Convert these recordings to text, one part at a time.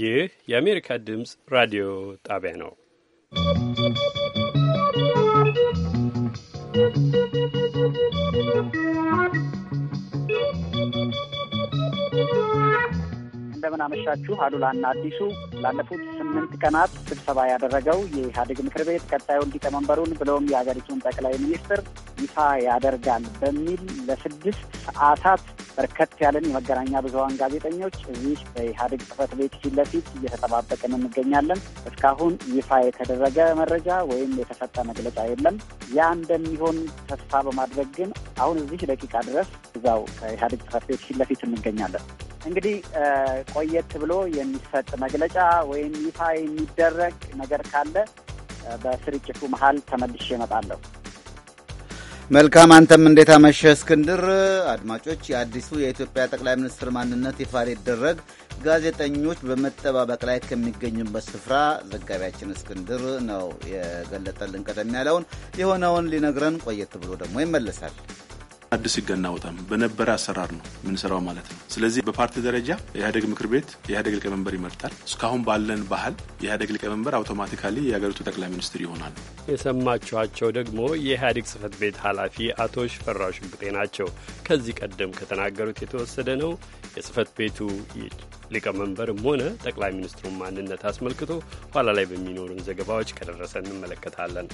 ይህ የአሜሪካ ድምፅ ራዲዮ ጣቢያ ነው። እንደምን አመሻችሁ። አሉላና አዲሱ ላለፉት ስምንት ቀናት ስብሰባ ያደረገው የኢህአዴግ ምክር ቤት ቀጣዩን ሊቀመንበሩን ብለውም የሀገሪቱን ጠቅላይ ሚኒስትር ይፋ ያደርጋል በሚል ለስድስት ሰዓታት በርከት ያለን የመገናኛ ብዙሀን ጋዜጠኞች እዚህ በኢህአዴግ ጽህፈት ቤት ፊት ለፊት እየተጠባበቅን እንገኛለን። እስካሁን ይፋ የተደረገ መረጃ ወይም የተሰጠ መግለጫ የለም። ያ እንደሚሆን ተስፋ በማድረግ ግን አሁን እዚህ ደቂቃ ድረስ እዛው ከኢህአዴግ ጽሕፈት ቤት ፊት ለፊት እንገኛለን። እንግዲህ ቆየት ብሎ የሚሰጥ መግለጫ ወይም ይፋ የሚደረግ ነገር ካለ በስርጭቱ መሀል ተመልሼ እመጣለሁ። መልካም አንተም እንዴት አመሸ እስክንድር። አድማጮች የአዲሱ የኢትዮጵያ ጠቅላይ ሚኒስትር ማንነት ይፋ ሊደረግ ጋዜጠኞች በመጠባበቅ ላይ ከሚገኙበት ስፍራ ዘጋቢያችን እስክንድር ነው የገለጠልን። ቀደም ያለውን የሆነውን ሊነግረን ቆየት ብሎ ደግሞ ይመለሳል። አዲስ ህግ አናወጣም፣ በነበረ አሰራር ነው የምንሰራው ማለት ነው። ስለዚህ በፓርቲ ደረጃ የኢህአዴግ ምክር ቤት የኢህአዴግ ሊቀመንበር ይመርጣል። እስካሁን ባለን ባህል የኢህአዴግ ሊቀመንበር አውቶማቲካሊ የሀገሪቱ ጠቅላይ ሚኒስትር ይሆናል። የሰማችኋቸው ደግሞ የኢህአዴግ ጽህፈት ቤት ኃላፊ አቶ ሽፈራው ሽጉጤ ናቸው። ከዚህ ቀደም ከተናገሩት የተወሰደ ነው። የጽህፈት ቤቱ ሊቀመንበርም ሆነ ጠቅላይ ሚኒስትሩን ማንነት አስመልክቶ ኋላ ላይ በሚኖሩን ዘገባዎች ከደረሰ እንመለከታለን።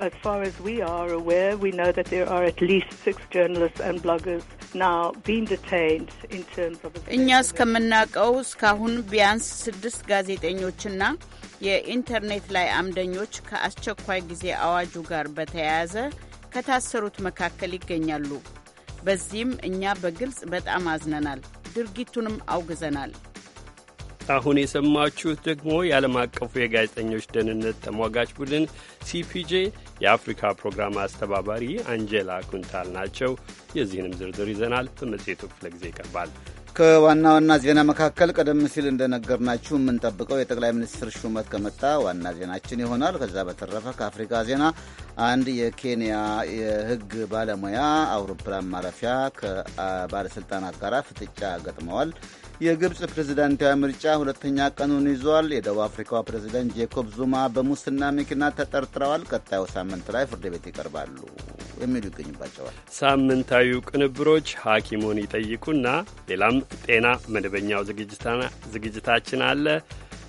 as far as we are aware, we know that there are at least six journalists and bloggers now being detained in terms of... እኛ እስከምናውቀው እስካሁን ቢያንስ ስድስት ጋዜጠኞችና የኢንተርኔት ላይ አምደኞች ከአስቸኳይ ጊዜ አዋጁ ጋር በተያያዘ ከታሰሩት መካከል ይገኛሉ። በዚህም እኛ በግልጽ በጣም አዝነናል፣ ድርጊቱንም አውግዘናል። አሁን የሰማችሁት ደግሞ የዓለም አቀፉ የጋዜጠኞች ደህንነት ተሟጋች ቡድን ሲፒጄ የአፍሪካ ፕሮግራም አስተባባሪ አንጀላ ኩንታል ናቸው። የዚህንም ዝርዝር ይዘናል፣ በመጽሔቱ ክፍለ ጊዜ ይቀርባል። ከዋና ዋና ዜና መካከል ቀደም ሲል እንደነገርናችሁ የምንጠብቀው የጠቅላይ ሚኒስትር ሹመት ከመጣ ዋና ዜናችን ይሆናል። ከዛ በተረፈ ከአፍሪካ ዜና አንድ የኬንያ የሕግ ባለሙያ አውሮፕላን ማረፊያ ከባለስልጣናት ጋር ፍጥጫ ገጥመዋል። የግብፅ ፕሬዝዳንታዊ ምርጫ ሁለተኛ ቀኑን ይዟል። የደቡብ አፍሪካው ፕሬዝዳንት ጄኮብ ዙማ በሙስና ምክንያት ተጠርጥረዋል። ቀጣዩ ሳምንት ላይ ፍርድ ቤት ይቀርባሉ የሚሉ ይገኝባቸዋል። ሳምንታዊ ቅንብሮች ሐኪሙን ይጠይቁና ሌላም ጤና መደበኛው ዝግጅታችን አለ።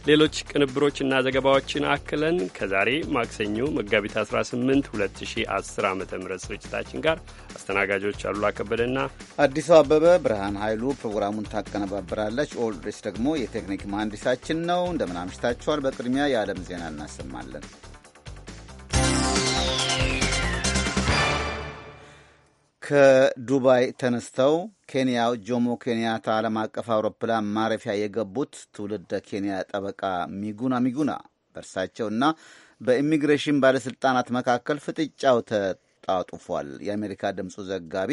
ሌሎች ቅንብሮችና ዘገባዎችን አክለን ከዛሬ ማክሰኞ መጋቢት 18 2010 ዓ ም ስርጭታችን ጋር አስተናጋጆች አሉላ ከበደና አዲሱ አበበ። ብርሃን ኃይሉ ፕሮግራሙን ታቀነባብራለች። ኦልድሬስ ደግሞ የቴክኒክ መሐንዲሳችን ነው። እንደምን አምሽታችኋል። በቅድሚያ የዓለም ዜና እናሰማለን። ከዱባይ ተነስተው ኬንያው ጆሞ ኬንያታ ዓለም አቀፍ አውሮፕላን ማረፊያ የገቡት ትውልደ ኬንያ ጠበቃ ሚጉና ሚጉና በእርሳቸውና በኢሚግሬሽን ባለሥልጣናት መካከል ፍጥጫው ተጣጡፏል። የአሜሪካ ድምፁ ዘጋቢ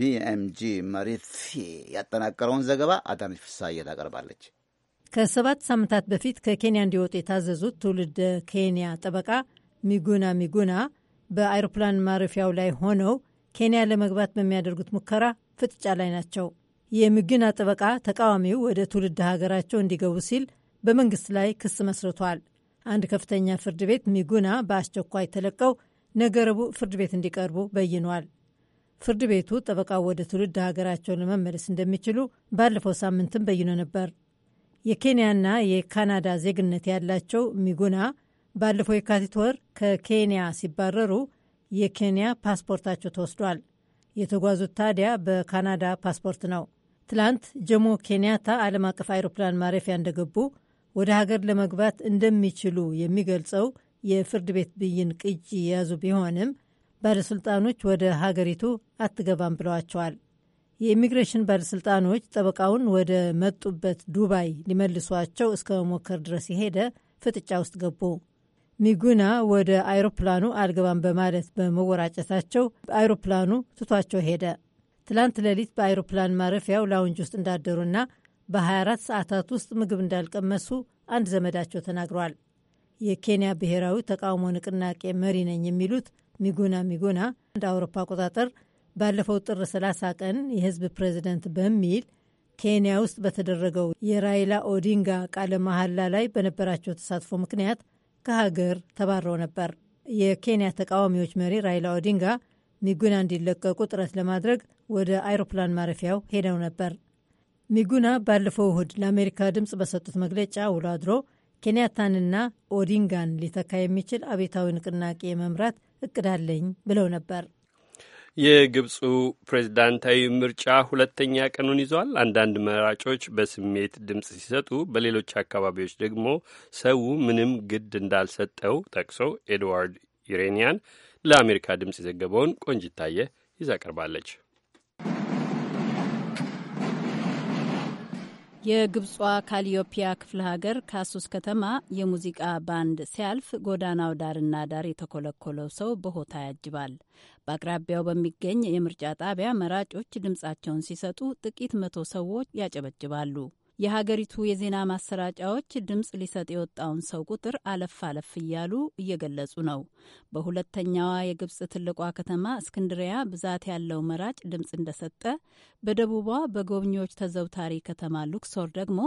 ቢኤምጂ መሪፊ ያጠናቀረውን ዘገባ አዳነች ፍሳዬ ታቀርባለች። ከሰባት ሳምንታት በፊት ከኬንያ እንዲወጡ የታዘዙት ትውልደ ኬንያ ጠበቃ ሚጉና ሚጉና በአይሮፕላን ማረፊያው ላይ ሆነው ኬንያ ለመግባት በሚያደርጉት ሙከራ ፍጥጫ ላይ ናቸው። የሚግና ጥበቃ ተቃዋሚው ወደ ትውልድ ሀገራቸው እንዲገቡ ሲል በመንግስት ላይ ክስ መስርቷል። አንድ ከፍተኛ ፍርድ ቤት ሚጉና በአስቸኳይ ተለቀው ነገ ረቡዕ ፍርድ ቤት እንዲቀርቡ በይኗል። ፍርድ ቤቱ ጠበቃው ወደ ትውልድ ሀገራቸው ለመመለስ እንደሚችሉ ባለፈው ሳምንትም በይኖ ነበር። የኬንያና የካናዳ ዜግነት ያላቸው ሚጉና ባለፈው የካቲት ወር ከኬንያ ሲባረሩ የኬንያ ፓስፖርታቸው ተወስዷል። የተጓዙት ታዲያ በካናዳ ፓስፖርት ነው። ትላንት ጀሞ ኬንያታ ዓለም አቀፍ አይሮፕላን ማረፊያ እንደገቡ ወደ ሀገር ለመግባት እንደሚችሉ የሚገልጸው የፍርድ ቤት ብይን ቅጂ የያዙ ቢሆንም ባለሥልጣኖች ወደ ሀገሪቱ አትገባም ብለዋቸዋል። የኢሚግሬሽን ባለሥልጣኖች ጠበቃውን ወደ መጡበት ዱባይ ሊመልሷቸው እስከ መሞከር ድረስ የሄደ ፍጥጫ ውስጥ ገቡ። ሚጉና ወደ አይሮፕላኑ አልገባም በማለት በመወራጨታቸው አይሮፕላኑ ትቷቸው ሄደ። ትላንት ሌሊት በአይሮፕላን ማረፊያው ላውንጅ ውስጥ እንዳደሩና በ24 ሰዓታት ውስጥ ምግብ እንዳልቀመሱ አንድ ዘመዳቸው ተናግሯል። የኬንያ ብሔራዊ ተቃውሞ ንቅናቄ መሪ ነኝ የሚሉት ሚጉና ሚጉና እንደ አውሮፓ አቆጣጠር ባለፈው ጥር 30 ቀን የህዝብ ፕሬዚደንት በሚል ኬንያ ውስጥ በተደረገው የራይላ ኦዲንጋ ቃለ መሐላ ላይ በነበራቸው ተሳትፎ ምክንያት ከሀገር ተባረው ነበር። የኬንያ ተቃዋሚዎች መሪ ራይላ ኦዲንጋ ሚጉና እንዲለቀቁ ጥረት ለማድረግ ወደ አይሮፕላን ማረፊያው ሄደው ነበር። ሚጉና ባለፈው እሁድ ለአሜሪካ ድምፅ በሰጡት መግለጫ ውሎ አድሮ ኬንያታንና ኦዲንጋን ሊተካ የሚችል አቤታዊ ንቅናቄ መምራት እቅዳለኝ ብለው ነበር። የግብፁ ፕሬዝዳንታዊ ምርጫ ሁለተኛ ቀኑን ይዟል። አንዳንድ መራጮች በስሜት ድምፅ ሲሰጡ፣ በሌሎች አካባቢዎች ደግሞ ሰው ምንም ግድ እንዳልሰጠው ጠቅሶ ኤድዋርድ ዩሬኒያን ለአሜሪካ ድምፅ የዘገበውን ቆንጅታየ ይዛ ቀርባለች። የግብጿ ካሊዮፒያ ክፍለ ሀገር ካሱስ ከተማ የሙዚቃ ባንድ ሲያልፍ ጎዳናው ዳርና ዳር የተኮለኮለው ሰው በሆታ ያጅባል። በአቅራቢያው በሚገኝ የምርጫ ጣቢያ መራጮች ድምጻቸውን ሲሰጡ ጥቂት መቶ ሰዎች ያጨበጭባሉ። የሀገሪቱ የዜና ማሰራጫዎች ድምፅ ሊሰጥ የወጣውን ሰው ቁጥር አለፍ አለፍ እያሉ እየገለጹ ነው። በሁለተኛዋ የግብፅ ትልቋ ከተማ እስክንድሪያ ብዛት ያለው መራጭ ድምፅ እንደሰጠ፣ በደቡቧ በጎብኚዎች ተዘውታሪ ከተማ ሉክሶር ደግሞ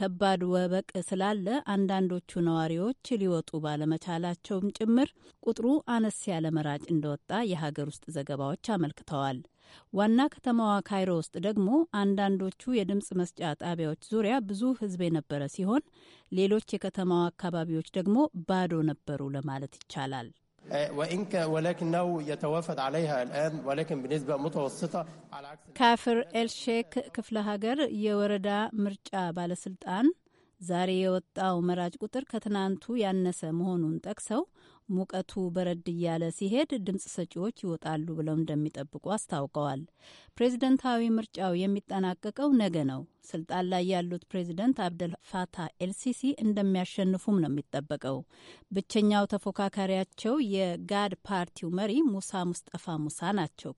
ከባድ ወበቅ ስላለ አንዳንዶቹ ነዋሪዎች ሊወጡ ባለመቻላቸውም ጭምር ቁጥሩ አነስ ያለ መራጭ እንደወጣ የሀገር ውስጥ ዘገባዎች አመልክተዋል። ዋና ከተማዋ ካይሮ ውስጥ ደግሞ አንዳንዶቹ የድምፅ መስጫ ጣቢያዎች ዙሪያ ብዙ ሕዝብ የነበረ ሲሆን፣ ሌሎች የከተማዋ አካባቢዎች ደግሞ ባዶ ነበሩ ለማለት ይቻላል። ካፍር ኤልሼክ ክፍለ ሀገር የወረዳ ምርጫ ባለስልጣን ዛሬ የወጣው መራጭ ቁጥር ከትናንቱ ያነሰ መሆኑን ጠቅሰው ሙቀቱ በረድ እያለ ሲሄድ ድምፅ ሰጪዎች ይወጣሉ ብለው እንደሚጠብቁ አስታውቀዋል። ፕሬዝደንታዊ ምርጫው የሚጠናቀቀው ነገ ነው። ስልጣን ላይ ያሉት ፕሬዚደንት አብደል ፋታ ኤልሲሲ እንደሚያሸንፉም ነው የሚጠበቀው። ብቸኛው ተፎካካሪያቸው የጋድ ፓርቲው መሪ ሙሳ ሙስጠፋ ሙሳ ናቸው።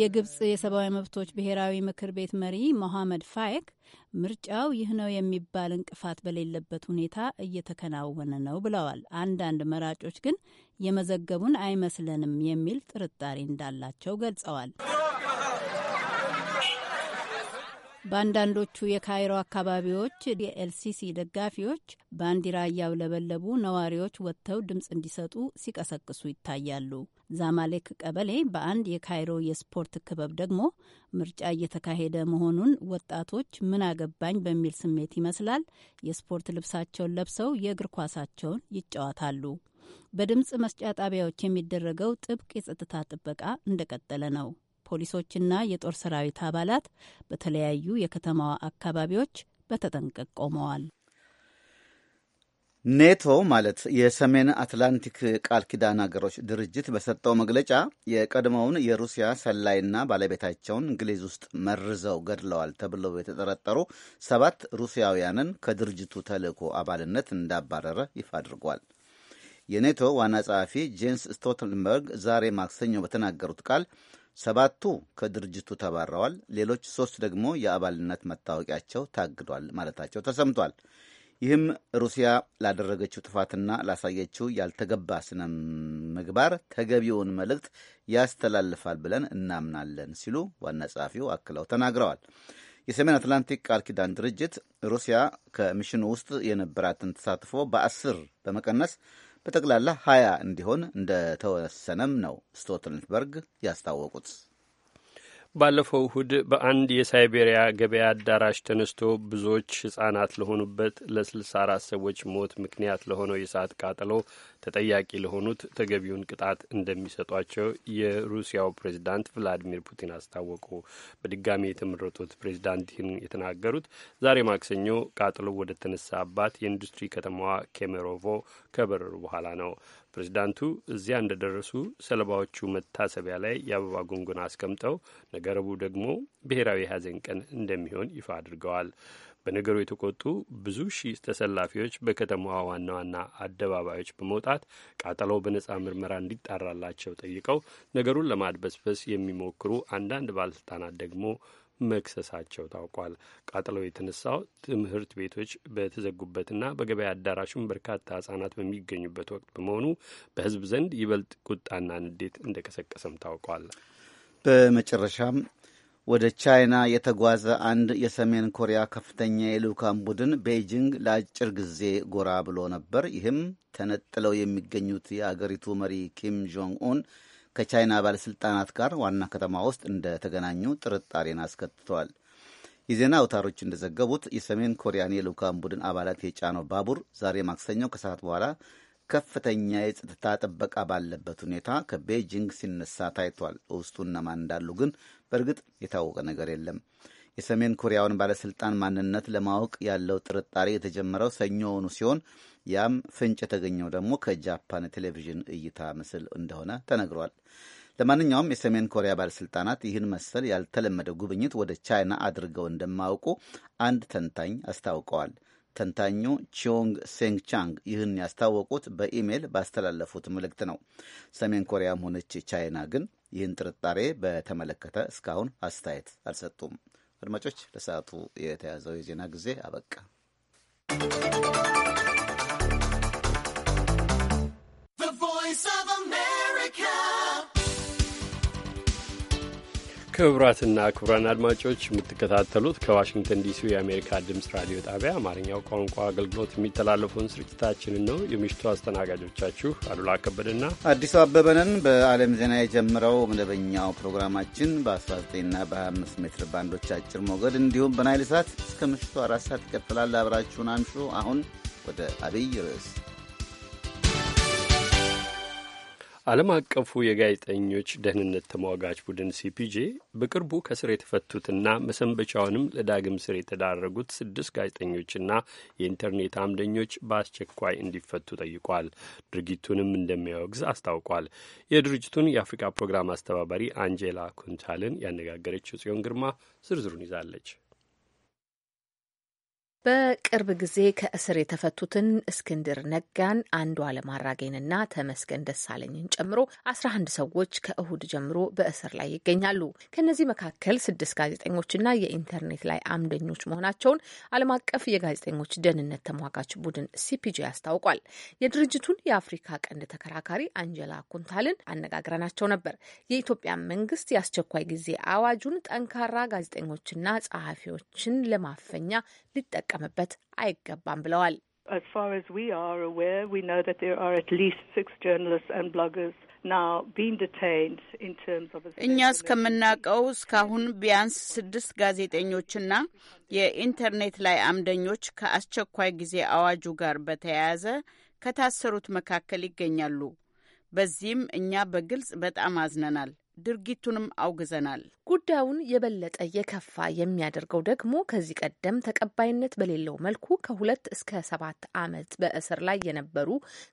የግብፅ የሰብአዊ መብቶች ብሔራዊ ምክር ቤት መሪ ሞሐመድ ፋይክ ምርጫው ይህ ነው የሚባል እንቅፋት በሌለበት ሁኔታ እየተከናወነ ነው ብለዋል። አንዳንድ መራጮች ግን የመዘገቡን አይመስለንም የሚል ጥርጣሬ እንዳላቸው ገልጸዋል። በአንዳንዶቹ የካይሮ አካባቢዎች የኤልሲሲ ደጋፊዎች ባንዲራ እያውለበለቡ ነዋሪዎች ወጥተው ድምፅ እንዲሰጡ ሲቀሰቅሱ ይታያሉ። ዛማሌክ ቀበሌ በአንድ የካይሮ የስፖርት ክበብ ደግሞ ምርጫ እየተካሄደ መሆኑን ወጣቶች ምን አገባኝ በሚል ስሜት ይመስላል የስፖርት ልብሳቸውን ለብሰው የእግር ኳሳቸውን ይጫወታሉ። በድምፅ መስጫ ጣቢያዎች የሚደረገው ጥብቅ የጸጥታ ጥበቃ እንደቀጠለ ነው። ፖሊሶችና የጦር ሰራዊት አባላት በተለያዩ የከተማዋ አካባቢዎች በተጠንቀቅ ቆመዋል። ኔቶ ማለት የሰሜን አትላንቲክ ቃል ኪዳን አገሮች ድርጅት በሰጠው መግለጫ የቀድሞውን የሩሲያ ሰላይና ባለቤታቸውን እንግሊዝ ውስጥ መርዘው ገድለዋል ተብለው የተጠረጠሩ ሰባት ሩሲያውያንን ከድርጅቱ ተልዕኮ አባልነት እንዳባረረ ይፋ አድርጓል። የኔቶ ዋና ጸሐፊ ጄንስ ስቶልተንበርግ ዛሬ ማክሰኞ በተናገሩት ቃል ሰባቱ ከድርጅቱ ተባረዋል፣ ሌሎች ሶስት ደግሞ የአባልነት መታወቂያቸው ታግዷል ማለታቸው ተሰምቷል። ይህም ሩሲያ ላደረገችው ጥፋትና ላሳየችው ያልተገባ ስነ ምግባር ተገቢውን መልእክት ያስተላልፋል ብለን እናምናለን ሲሉ ዋና ጸሐፊው አክለው ተናግረዋል። የሰሜን አትላንቲክ ቃል ኪዳን ድርጅት ሩሲያ ከሚሽኑ ውስጥ የነበራትን ተሳትፎ በአስር በመቀነስ በጠቅላላ ሀያ እንዲሆን እንደተወሰነም ነው ስቶልተንበርግ ያስታወቁት። ባለፈው እሁድ በአንድ የሳይቤሪያ ገበያ አዳራሽ ተነስቶ ብዙዎች ሕጻናት ለሆኑበት ለ64 ሰዎች ሞት ምክንያት ለሆነው የእሳት ቃጠሎ ተጠያቂ ለሆኑት ተገቢውን ቅጣት እንደሚሰጧቸው የሩሲያው ፕሬዚዳንት ቭላዲሚር ፑቲን አስታወቁ። በድጋሚ የተመረጡት ፕሬዚዳንት ይህን የተናገሩት ዛሬ ማክሰኞ ቃጠሎ ወደ ተነሳባት የኢንዱስትሪ ከተማዋ ኬሜሮቮ ከበረሩ በኋላ ነው። ፕሬዚዳንቱ እዚያ እንደደረሱ ሰለባዎቹ መታሰቢያ ላይ የአበባ ጉንጉን አስቀምጠው ነገ ረቡዕ ደግሞ ብሔራዊ የሐዘን ቀን እንደሚሆን ይፋ አድርገዋል። በነገሩ የተቆጡ ብዙ ሺህ ተሰላፊዎች በከተማዋ ዋና ዋና አደባባዮች በመውጣት ቃጠሎው በነጻ ምርመራ እንዲጣራላቸው ጠይቀው ነገሩን ለማድበስበስ የሚሞክሩ አንዳንድ ባለስልጣናት ደግሞ መክሰሳቸው ታውቋል። ቃጠሎ የተነሳው ትምህርት ቤቶች በተዘጉበትና በገበያ አዳራሹም በርካታ ህጻናት በሚገኙበት ወቅት በመሆኑ በህዝብ ዘንድ ይበልጥ ቁጣና ንዴት እንደቀሰቀሰም ታውቋል። በመጨረሻም ወደ ቻይና የተጓዘ አንድ የሰሜን ኮሪያ ከፍተኛ የልዑካን ቡድን ቤይጂንግ ለአጭር ጊዜ ጎራ ብሎ ነበር። ይህም ተነጥለው የሚገኙት የአገሪቱ መሪ ኪም ጆንግ ኡን ከቻይና ባለሥልጣናት ጋር ዋና ከተማ ውስጥ እንደተገናኙ ጥርጣሬን አስከትተዋል። የዜና አውታሮች እንደዘገቡት የሰሜን ኮሪያን የልዑካን ቡድን አባላት የጫነው ባቡር ዛሬ ማክሰኞ ከሰዓት በኋላ ከፍተኛ የጸጥታ ጥበቃ ባለበት ሁኔታ ከቤጂንግ ሲነሳ ታይቷል። ውስጡ እነማን እንዳሉ ግን በእርግጥ የታወቀ ነገር የለም። የሰሜን ኮሪያውን ባለስልጣን ማንነት ለማወቅ ያለው ጥርጣሬ የተጀመረው ሰኞውኑ ሲሆን ያም ፍንጭ የተገኘው ደግሞ ከጃፓን ቴሌቪዥን እይታ ምስል እንደሆነ ተነግሯል። ለማንኛውም የሰሜን ኮሪያ ባለስልጣናት ይህን መሰል ያልተለመደ ጉብኝት ወደ ቻይና አድርገው እንደማያውቁ አንድ ተንታኝ አስታውቀዋል። ተንታኙ ቺዮንግ ሴንግ ቻንግ ይህን ያስታወቁት በኢሜይል ባስተላለፉት መልእክት ነው። ሰሜን ኮሪያም ሆነች ቻይና ግን ይህን ጥርጣሬ በተመለከተ እስካሁን አስተያየት አልሰጡም። አድማጮች፣ ለሰዓቱ የተያዘው የዜና ጊዜ አበቃ። ክቡራትና ክቡራን አድማጮች የምትከታተሉት ከዋሽንግተን ዲሲ የአሜሪካ ድምፅ ራዲዮ ጣቢያ አማርኛው ቋንቋ አገልግሎት የሚተላለፈውን ስርጭታችንን ነው። የምሽቱ አስተናጋጆቻችሁ አሉላ ከበደና አዲሱ አበበነን በዓለም ዜና የጀምረው መደበኛው ፕሮግራማችን በ19ና በ25 ሜትር ባንዶች አጭር ሞገድ እንዲሁም በናይል ሳት እስከ ምሽቱ አራት ሰዓት ይቀጥላል። አብራችሁን አምሹ። አሁን ወደ አብይ ርዕስ ዓለም አቀፉ የጋዜጠኞች ደህንነት ተሟጋች ቡድን ሲፒጄ በቅርቡ ከስር የተፈቱትና መሰንበቻውንም ለዳግም ስር የተዳረጉት ስድስት ጋዜጠኞችና የኢንተርኔት አምደኞች በአስቸኳይ እንዲፈቱ ጠይቋል። ድርጊቱንም እንደሚያወግዝ አስታውቋል። የድርጅቱን የአፍሪካ ፕሮግራም አስተባባሪ አንጄላ ኩንታልን ያነጋገረችው ጽዮን ግርማ ዝርዝሩን ይዛለች። በቅርብ ጊዜ ከእስር የተፈቱትን እስክንድር ነጋን፣ አንዱዓለም አራጌንና ተመስገን ደሳለኝን ጨምሮ 11 ሰዎች ከእሁድ ጀምሮ በእስር ላይ ይገኛሉ። ከእነዚህ መካከል ስድስት ጋዜጠኞችና የኢንተርኔት ላይ አምደኞች መሆናቸውን ዓለም አቀፍ የጋዜጠኞች ደህንነት ተሟጋች ቡድን ሲፒጂ አስታውቋል። የድርጅቱን የአፍሪካ ቀንድ ተከራካሪ አንጀላ ኩንታልን አነጋግረናቸው ነበር። የኢትዮጵያ መንግስት የአስቸኳይ ጊዜ አዋጁን ጠንካራ ጋዜጠኞችና ጸሐፊዎችን ለማፈኛ ሊጠቀ ልንጠቀምበት አይገባም ብለዋል። እኛ እስከምናውቀው እስካሁን ቢያንስ ስድስት ጋዜጠኞችና የኢንተርኔት ላይ አምደኞች ከአስቸኳይ ጊዜ አዋጁ ጋር በተያያዘ ከታሰሩት መካከል ይገኛሉ። በዚህም እኛ በግልጽ በጣም አዝነናል። ድርጊቱንም አውግዘናል። ጉዳዩን የበለጠ የከፋ የሚያደርገው ደግሞ ከዚህ ቀደም ተቀባይነት በሌለው መልኩ ከሁለት እስከ ሰባት ዓመት በእስር ላይ የነበሩ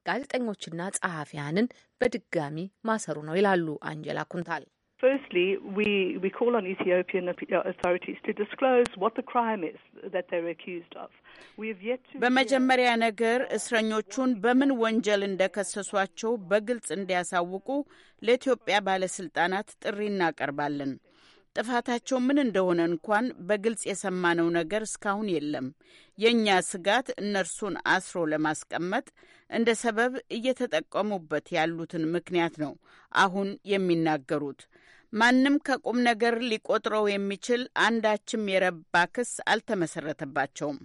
ጋዜጠኞችና ጸሐፊያንን በድጋሚ ማሰሩ ነው ይላሉ አንጀላ ኩንታል። Firstly, we, we call on Ethiopian uh, authorities to disclose what the crime is that they're accused of. በመጀመሪያ ነገር እስረኞቹን በምን ወንጀል እንደከሰሷቸው በግልጽ እንዲያሳውቁ ለኢትዮጵያ ባለስልጣናት ጥሪ እናቀርባለን። ጥፋታቸው ምን እንደሆነ እንኳን በግልጽ የሰማነው ነገር እስካሁን የለም። የእኛ ስጋት እነርሱን አስሮ ለማስቀመጥ እንደ ሰበብ እየተጠቀሙበት ያሉትን ምክንያት ነው አሁን የሚናገሩት። ማንም ከቁም ነገር ሊቆጥረው የሚችል አንዳችም የረባ ክስ አልተመሰረተባቸውም።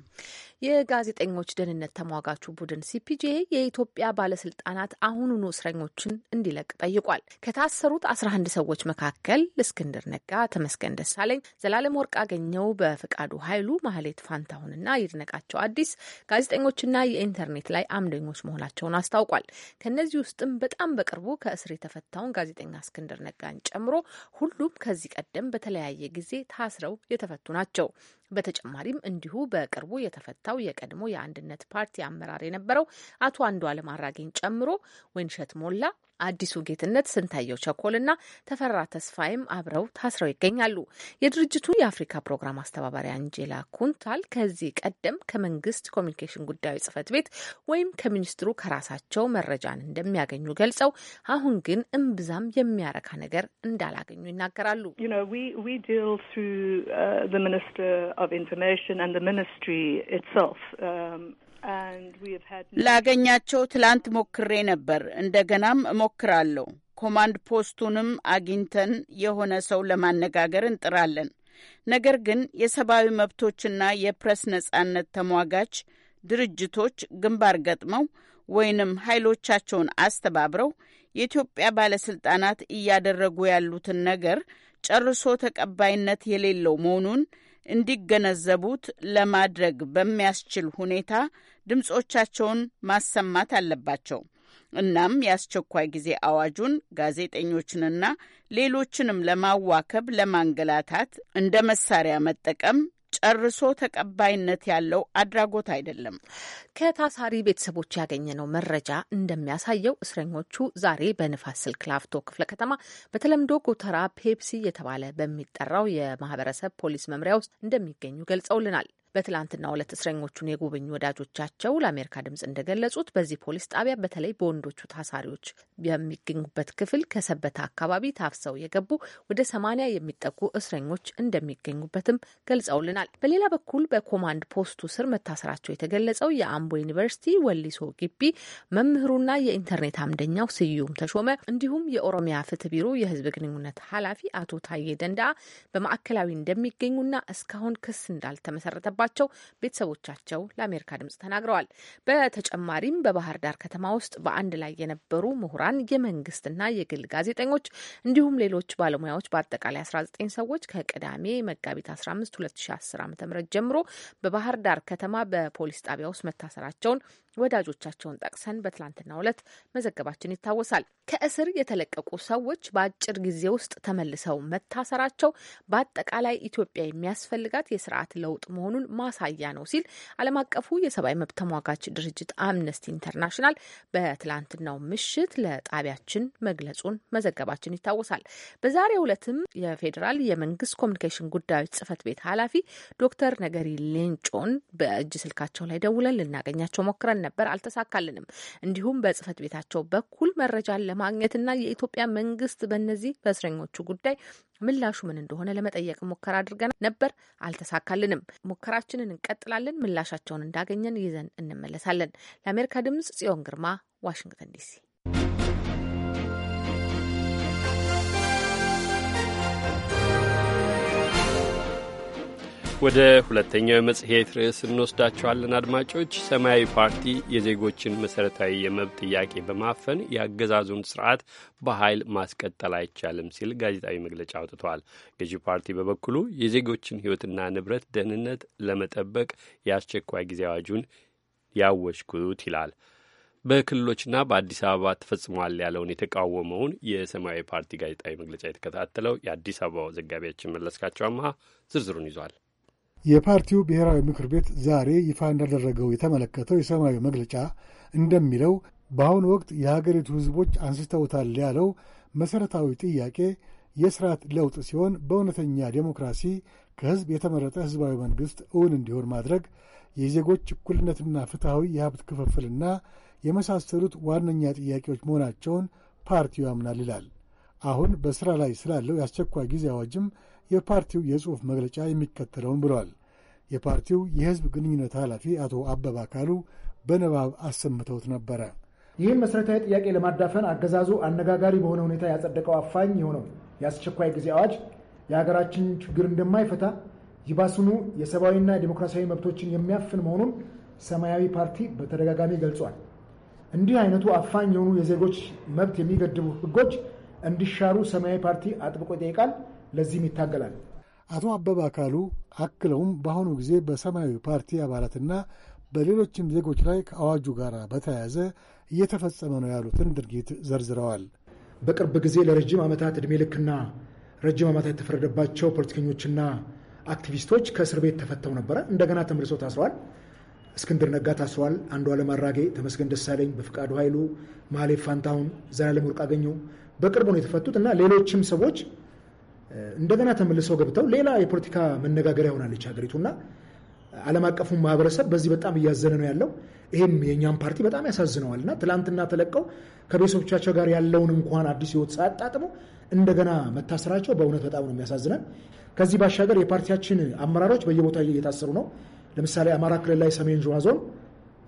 የጋዜጠኞች ደህንነት ተሟጋቹ ቡድን ሲፒጄ የኢትዮጵያ ባለስልጣናት አሁኑኑ እስረኞችን እንዲለቅ ጠይቋል። ከታሰሩት 11 ሰዎች መካከል እስክንድር ነጋ፣ ተመስገን ደሳለኝ፣ ዘላለም ወርቅ አገኘው፣ በፍቃዱ ኃይሉ፣ ማህሌት ፋንታሁንና ይድነቃቸው አዲስ ጋዜጠኞችና የኢንተርኔት ላይ አምደኞች መሆናቸውን አስታውቋል። ከእነዚህ ውስጥም በጣም በቅርቡ ከእስር የተፈታውን ጋዜጠኛ እስክንድር ነጋን ጨምሮ ሁሉም ከዚህ ቀደም በተለያየ ጊዜ ታስረው የተፈቱ ናቸው። በተጨማሪም እንዲሁ በቅርቡ የተፈታው የቀድሞ የአንድነት ፓርቲ አመራር የነበረው አቶ አንዱዓለም አራጌን ጨምሮ ወይንሸት ሞላ፣ አዲሱ ጌትነት፣ ስንታየው ቸኮልና ተፈራ ተስፋይም አብረው ታስረው ይገኛሉ። የድርጅቱ የአፍሪካ ፕሮግራም አስተባባሪ አንጄላ ኩንታል ከዚህ ቀደም ከመንግስት ኮሚኒኬሽን ጉዳዮች ጽህፈት ቤት ወይም ከሚኒስትሩ ከራሳቸው መረጃን እንደሚያገኙ ገልጸው አሁን ግን እምብዛም የሚያረካ ነገር እንዳላገኙ ይናገራሉ። ላገኛቸው ትላንት ሞክሬ ነበር። እንደገናም እሞክራለሁ። ኮማንድ ፖስቱንም አግኝተን የሆነ ሰው ለማነጋገር እንጥራለን። ነገር ግን የሰብአዊ መብቶችና የፕሬስ ነጻነት ተሟጋች ድርጅቶች ግንባር ገጥመው ወይንም ኃይሎቻቸውን አስተባብረው የኢትዮጵያ ባለስልጣናት እያደረጉ ያሉትን ነገር ጨርሶ ተቀባይነት የሌለው መሆኑን እንዲገነዘቡት ለማድረግ በሚያስችል ሁኔታ ድምጾቻቸውን ማሰማት አለባቸው። እናም የአስቸኳይ ጊዜ አዋጁን ጋዜጠኞችንና ሌሎችንም ለማዋከብ፣ ለማንገላታት እንደ መሳሪያ መጠቀም ጨርሶ ተቀባይነት ያለው አድራጎት አይደለም። ከታሳሪ ቤተሰቦች ያገኘነው መረጃ እንደሚያሳየው እስረኞቹ ዛሬ በንፋስ ስልክ ላፍቶ ክፍለ ከተማ በተለምዶ ጎተራ ፔፕሲ የተባለ በሚጠራው የማህበረሰብ ፖሊስ መምሪያ ውስጥ እንደሚገኙ ገልጸውልናል። በትላንትናው ዕለት እስረኞቹን የጎበኙ ወዳጆቻቸው ለአሜሪካ ድምጽ እንደገለጹት በዚህ ፖሊስ ጣቢያ በተለይ በወንዶቹ ታሳሪዎች የሚገኙበት ክፍል ከሰበታ አካባቢ ታፍሰው የገቡ ወደ ሰማኒያ የሚጠጉ እስረኞች እንደሚገኙበትም ገልጸውልናል። በሌላ በኩል በኮማንድ ፖስቱ ስር መታሰራቸው የተገለጸው የአምቦ ዩኒቨርሲቲ ወሊሶ ግቢ መምህሩና የኢንተርኔት አምደኛው ስዩም ተሾመ እንዲሁም የኦሮሚያ ፍትህ ቢሮ የህዝብ ግንኙነት ኃላፊ አቶ ታዬ ደንዳ በማዕከላዊ እንደሚገኙና እስካሁን ክስ እንዳልተመሰረተባቸው እንደደረሰባቸው ቤተሰቦቻቸው ለአሜሪካ ድምጽ ተናግረዋል። በተጨማሪም በባህር ዳር ከተማ ውስጥ በአንድ ላይ የነበሩ ምሁራን፣ የመንግስትና የግል ጋዜጠኞች እንዲሁም ሌሎች ባለሙያዎች በአጠቃላይ 19 ሰዎች ከቅዳሜ መጋቢት 15 2010 ዓ ም ጀምሮ በባህር ዳር ከተማ በፖሊስ ጣቢያ ውስጥ መታሰራቸውን ወዳጆቻቸውን ጠቅሰን በትላንትናው ዕለት መዘገባችን ይታወሳል። ከእስር የተለቀቁ ሰዎች በአጭር ጊዜ ውስጥ ተመልሰው መታሰራቸው በአጠቃላይ ኢትዮጵያ የሚያስፈልጋት የስርዓት ለውጥ መሆኑን ማሳያ ነው ሲል ዓለም አቀፉ የሰብአዊ መብት ተሟጋች ድርጅት አምነስቲ ኢንተርናሽናል በትላንትናው ምሽት ለጣቢያችን መግለጹን መዘገባችን ይታወሳል። በዛሬው ዕለትም የፌዴራል የመንግስት ኮሚኒኬሽን ጉዳዮች ጽህፈት ቤት ኃላፊ ዶክተር ነገሪ ሌንጮን በእጅ ስልካቸው ላይ ደውለን ልናገኛቸው ሞክረን ነበር፣ አልተሳካልንም። እንዲሁም በጽህፈት ቤታቸው በኩል መረጃን ለማግኘትና የኢትዮጵያ መንግስት በእነዚህ በእስረኞቹ ጉዳይ ምላሹ ምን እንደሆነ ለመጠየቅ ሙከራ አድርገን ነበር፣ አልተሳካልንም። ሙከራችንን እንቀጥላለን። ምላሻቸውን እንዳገኘን ይዘን እንመለሳለን። ለአሜሪካ ድምጽ ጽዮን ግርማ ዋሽንግተን ዲሲ ወደ ሁለተኛው የመጽሔት ርዕስ እንወስዳቸዋለን። አድማጮች፣ ሰማያዊ ፓርቲ የዜጎችን መሠረታዊ የመብት ጥያቄ በማፈን የአገዛዙን ስርዓት በኃይል ማስቀጠል አይቻልም ሲል ጋዜጣዊ መግለጫ አውጥቷል። ገዢ ፓርቲ በበኩሉ የዜጎችን ሕይወትና ንብረት ደህንነት ለመጠበቅ የአስቸኳይ ጊዜ አዋጁን ያወጅኩት ይላል። በክልሎችና በአዲስ አበባ ተፈጽሟል ያለውን የተቃወመውን የሰማያዊ ፓርቲ ጋዜጣዊ መግለጫ የተከታተለው የአዲስ አበባው ዘጋቢያችን መለስካቸው አምሃ ዝርዝሩን ይዟል። የፓርቲው ብሔራዊ ምክር ቤት ዛሬ ይፋ እንዳደረገው የተመለከተው የሰማያዊ መግለጫ እንደሚለው በአሁኑ ወቅት የሀገሪቱ ሕዝቦች አንስተውታል ያለው መሠረታዊ ጥያቄ የሥርዓት ለውጥ ሲሆን በእውነተኛ ዴሞክራሲ ከሕዝብ የተመረጠ ሕዝባዊ መንግሥት እውን እንዲሆን ማድረግ፣ የዜጎች እኩልነትና ፍትሐዊ የሀብት ክፍፍልና የመሳሰሉት ዋነኛ ጥያቄዎች መሆናቸውን ፓርቲው ያምናል ይላል። አሁን በሥራ ላይ ስላለው የአስቸኳይ ጊዜ አዋጅም የፓርቲው የጽሑፍ መግለጫ የሚከተለውን ብለዋል። የፓርቲው የሕዝብ ግንኙነት ኃላፊ አቶ አበባ ካሉ በንባብ አሰምተውት ነበረ። ይህም መሠረታዊ ጥያቄ ለማዳፈን አገዛዙ አነጋጋሪ በሆነ ሁኔታ ያጸደቀው አፋኝ የሆነው የአስቸኳይ ጊዜ አዋጅ የሀገራችን ችግር እንደማይፈታ ይባስኑ የሰብአዊና ዲሞክራሲያዊ መብቶችን የሚያፍን መሆኑን ሰማያዊ ፓርቲ በተደጋጋሚ ገልጿል። እንዲህ አይነቱ አፋኝ የሆኑ የዜጎች መብት የሚገድቡ ህጎች እንዲሻሩ ሰማያዊ ፓርቲ አጥብቆ ይጠይቃል። ለዚህም ይታገላል። አቶ አበበ አካሉ አክለውም በአሁኑ ጊዜ በሰማያዊ ፓርቲ አባላትና በሌሎችም ዜጎች ላይ ከአዋጁ ጋር በተያያዘ እየተፈጸመ ነው ያሉትን ድርጊት ዘርዝረዋል። በቅርብ ጊዜ ለረጅም ዓመታት ዕድሜ ልክና ረጅም ዓመታት የተፈረደባቸው ፖለቲከኞችና አክቲቪስቶች ከእስር ቤት ተፈተው ነበረ። እንደገና ተመልሰው ታስረዋል። እስክንድር ነጋ ታስረዋል። አንዱዓለም አራጌ፣ ተመስገን ደሳለኝ፣ በፍቃዱ ኃይሉ፣ ማሌ ፋንታሁን፣ ዘላለም ወርቅ አገኘሁ በቅርቡ ነው የተፈቱት እና ሌሎችም ሰዎች እንደገና ተመልሰው ገብተው ሌላ የፖለቲካ መነጋገሪያ ይሆናለች ሀገሪቱና ዓለም አቀፉ ማህበረሰብ በዚህ በጣም እያዘነ ነው ያለው። ይህም የእኛም ፓርቲ በጣም ያሳዝነዋል እና ትላንትና ተለቀው ከቤተሰቦቻቸው ጋር ያለውን እንኳን አዲስ ህይወት ሳያጣጥሙ እንደገና መታሰራቸው በእውነት በጣም ነው የሚያሳዝነን። ከዚህ ባሻገር የፓርቲያችን አመራሮች በየቦታ እየታሰሩ ነው። ለምሳሌ አማራ ክልል ላይ ሰሜን ሸዋ ዞን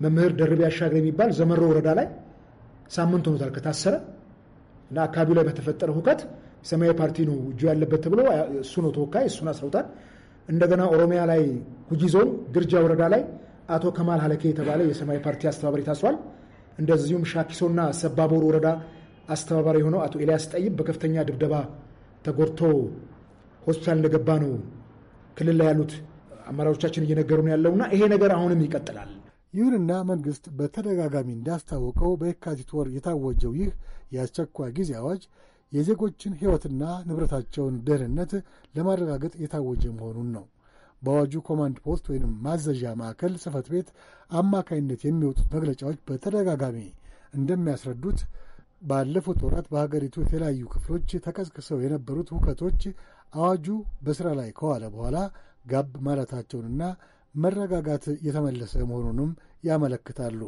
መምህር ደርቤ አሻገር የሚባል ዘመሮ ወረዳ ላይ ሳምንት ሆኖታል ከታሰረ እና አካባቢው ላይ በተፈጠረ ሁከት ሰማያዊ ፓርቲ ነው እጁ ያለበት ተብሎ እሱ ነው ተወካይ፣ እሱን አስረውታል። እንደገና ኦሮሚያ ላይ ጉጂ ዞን ግርጃ ወረዳ ላይ አቶ ከማል ሀለኬ የተባለ የሰማያዊ ፓርቲ አስተባባሪ ታስሯል። እንደዚሁም ሻኪሶና ሰባቦር ወረዳ አስተባባሪ የሆነው አቶ ኤልያስ ጠይብ በከፍተኛ ድብደባ ተጎድቶ ሆስፒታል እንደገባ ነው ክልል ላይ ያሉት አመራሮቻችን እየነገሩ ነው ያለውና ይሄ ነገር አሁንም ይቀጥላል። ይሁንና መንግስት በተደጋጋሚ እንዳስታወቀው በየካቲት ወር የታወጀው ይህ የአስቸኳይ ጊዜ አዋጅ የዜጎችን ሕይወትና ንብረታቸውን ደህንነት ለማረጋገጥ የታወጀ መሆኑን ነው። በአዋጁ ኮማንድ ፖስት ወይም ማዘዣ ማዕከል ጽፈት ቤት አማካይነት የሚወጡት መግለጫዎች በተደጋጋሚ እንደሚያስረዱት ባለፉት ወራት በሀገሪቱ የተለያዩ ክፍሎች ተቀስቅሰው የነበሩት ሁከቶች አዋጁ በሥራ ላይ ከዋለ በኋላ ጋብ ማለታቸውንና መረጋጋት የተመለሰ መሆኑንም ያመለክታሉ።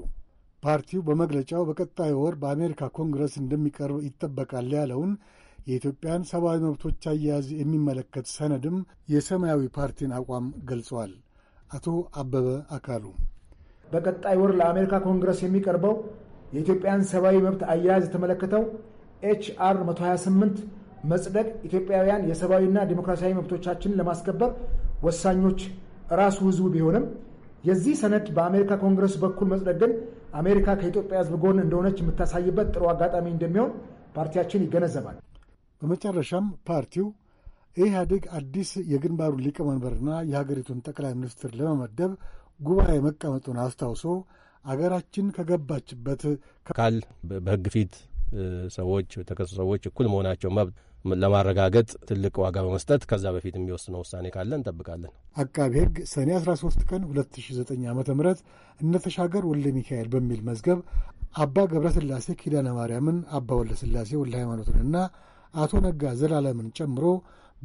ፓርቲው በመግለጫው በቀጣይ ወር በአሜሪካ ኮንግረስ እንደሚቀርብ ይጠበቃል ያለውን የኢትዮጵያን ሰብአዊ መብቶች አያያዝ የሚመለከት ሰነድም የሰማያዊ ፓርቲን አቋም ገልጸዋል። አቶ አበበ አካሉ በቀጣይ ወር ለአሜሪካ ኮንግረስ የሚቀርበው የኢትዮጵያን ሰብአዊ መብት አያያዝ የተመለከተው አር 128 መጽደቅ ኢትዮጵያውያን የሰብአዊና ዲሞክራሲያዊ መብቶቻችንን ለማስከበር ወሳኞች ራሱ ሕዝቡ ቢሆንም የዚህ ሰነድ በአሜሪካ ኮንግረስ በኩል መጽደቅ ግን አሜሪካ ከኢትዮጵያ ሕዝብ ጎን እንደሆነች የምታሳይበት ጥሩ አጋጣሚ እንደሚሆን ፓርቲያችን ይገነዘባል። በመጨረሻም ፓርቲው ኢህአዴግ አዲስ የግንባሩን ሊቀመንበርና የሀገሪቱን ጠቅላይ ሚኒስትር ለመመደብ ጉባኤ መቀመጡን አስታውሶ አገራችን ከገባችበት ካል በሕግ ፊት ሰዎች የተከሱ ሰዎች እኩል መሆናቸው መብት ለማረጋገጥ ትልቅ ዋጋ በመስጠት ከዛ በፊት የሚወስነው ውሳኔ ካለ እንጠብቃለን። አቃቢ ሕግ ሰኔ 13 ቀን 2009 ዓ ም እነተሻገር ወልደ ሚካኤል በሚል መዝገብ አባ ገብረስላሴ ኪዳነ ማርያምን፣ አባ ወልደ ስላሴ ወልደ ሃይማኖትንና አቶ ነጋ ዘላለምን ጨምሮ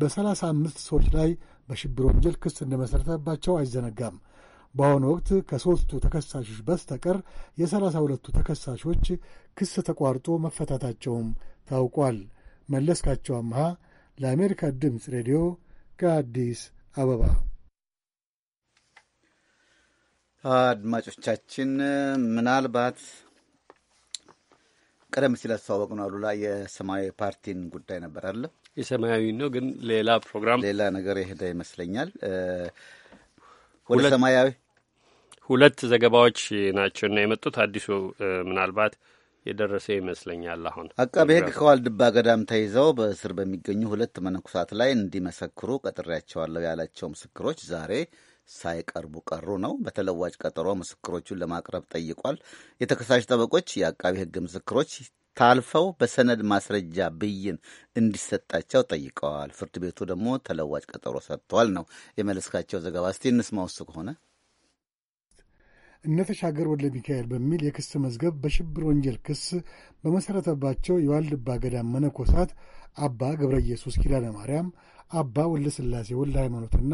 በሰላሳ አምስት ሰዎች ላይ በሽብር ወንጀል ክስ እንደመሠረተባቸው አይዘነጋም። በአሁኑ ወቅት ከሦስቱ ተከሳሾች በስተቀር የሰላሳ ሁለቱ ተከሳሾች ክስ ተቋርጦ መፈታታቸውም ታውቋል። መለስካቸው አምሃ ለአሜሪካ ድምፅ ሬዲዮ ከአዲስ አበባ። አድማጮቻችን ምናልባት ቀደም ሲል አስተዋወቅ ነው አሉላ የሰማያዊ ፓርቲን ጉዳይ ነበር አለ የሰማያዊ ነው ግን ሌላ ፕሮግራም ሌላ ነገር የሄደ ይመስለኛል። ወደ ሰማያዊ ሁለት ዘገባዎች ናቸው ናቸውና የመጡት አዲሱ ምናልባት የደረሰ ይመስለኛል። አሁን አቃቤ ሕግ ከዋልድባ ገዳም ተይዘው በእስር በሚገኙ ሁለት መነኩሳት ላይ እንዲመሰክሩ ቀጥሬያቸዋለሁ ያላቸው ምስክሮች ዛሬ ሳይቀርቡ ቀሩ ነው። በተለዋጭ ቀጠሮ ምስክሮቹን ለማቅረብ ጠይቋል። የተከሳሽ ጠበቆች የአቃቤ ሕግ ምስክሮች ታልፈው በሰነድ ማስረጃ ብይን እንዲሰጣቸው ጠይቀዋል። ፍርድ ቤቱ ደግሞ ተለዋጭ ቀጠሮ ሰጥቷል ነው የመለስካቸው ዘገባ። እስቲ እንስማ ከሆነ እነተሻገር ወደ ሚካኤል በሚል የክስ መዝገብ በሽብር ወንጀል ክስ በመሠረተባቸው የዋልድባ ገዳም መነኮሳት አባ ገብረ ኢየሱስ ኪዳነ ማርያም፣ አባ ወልደ ሥላሴ ወልደ ሃይማኖትና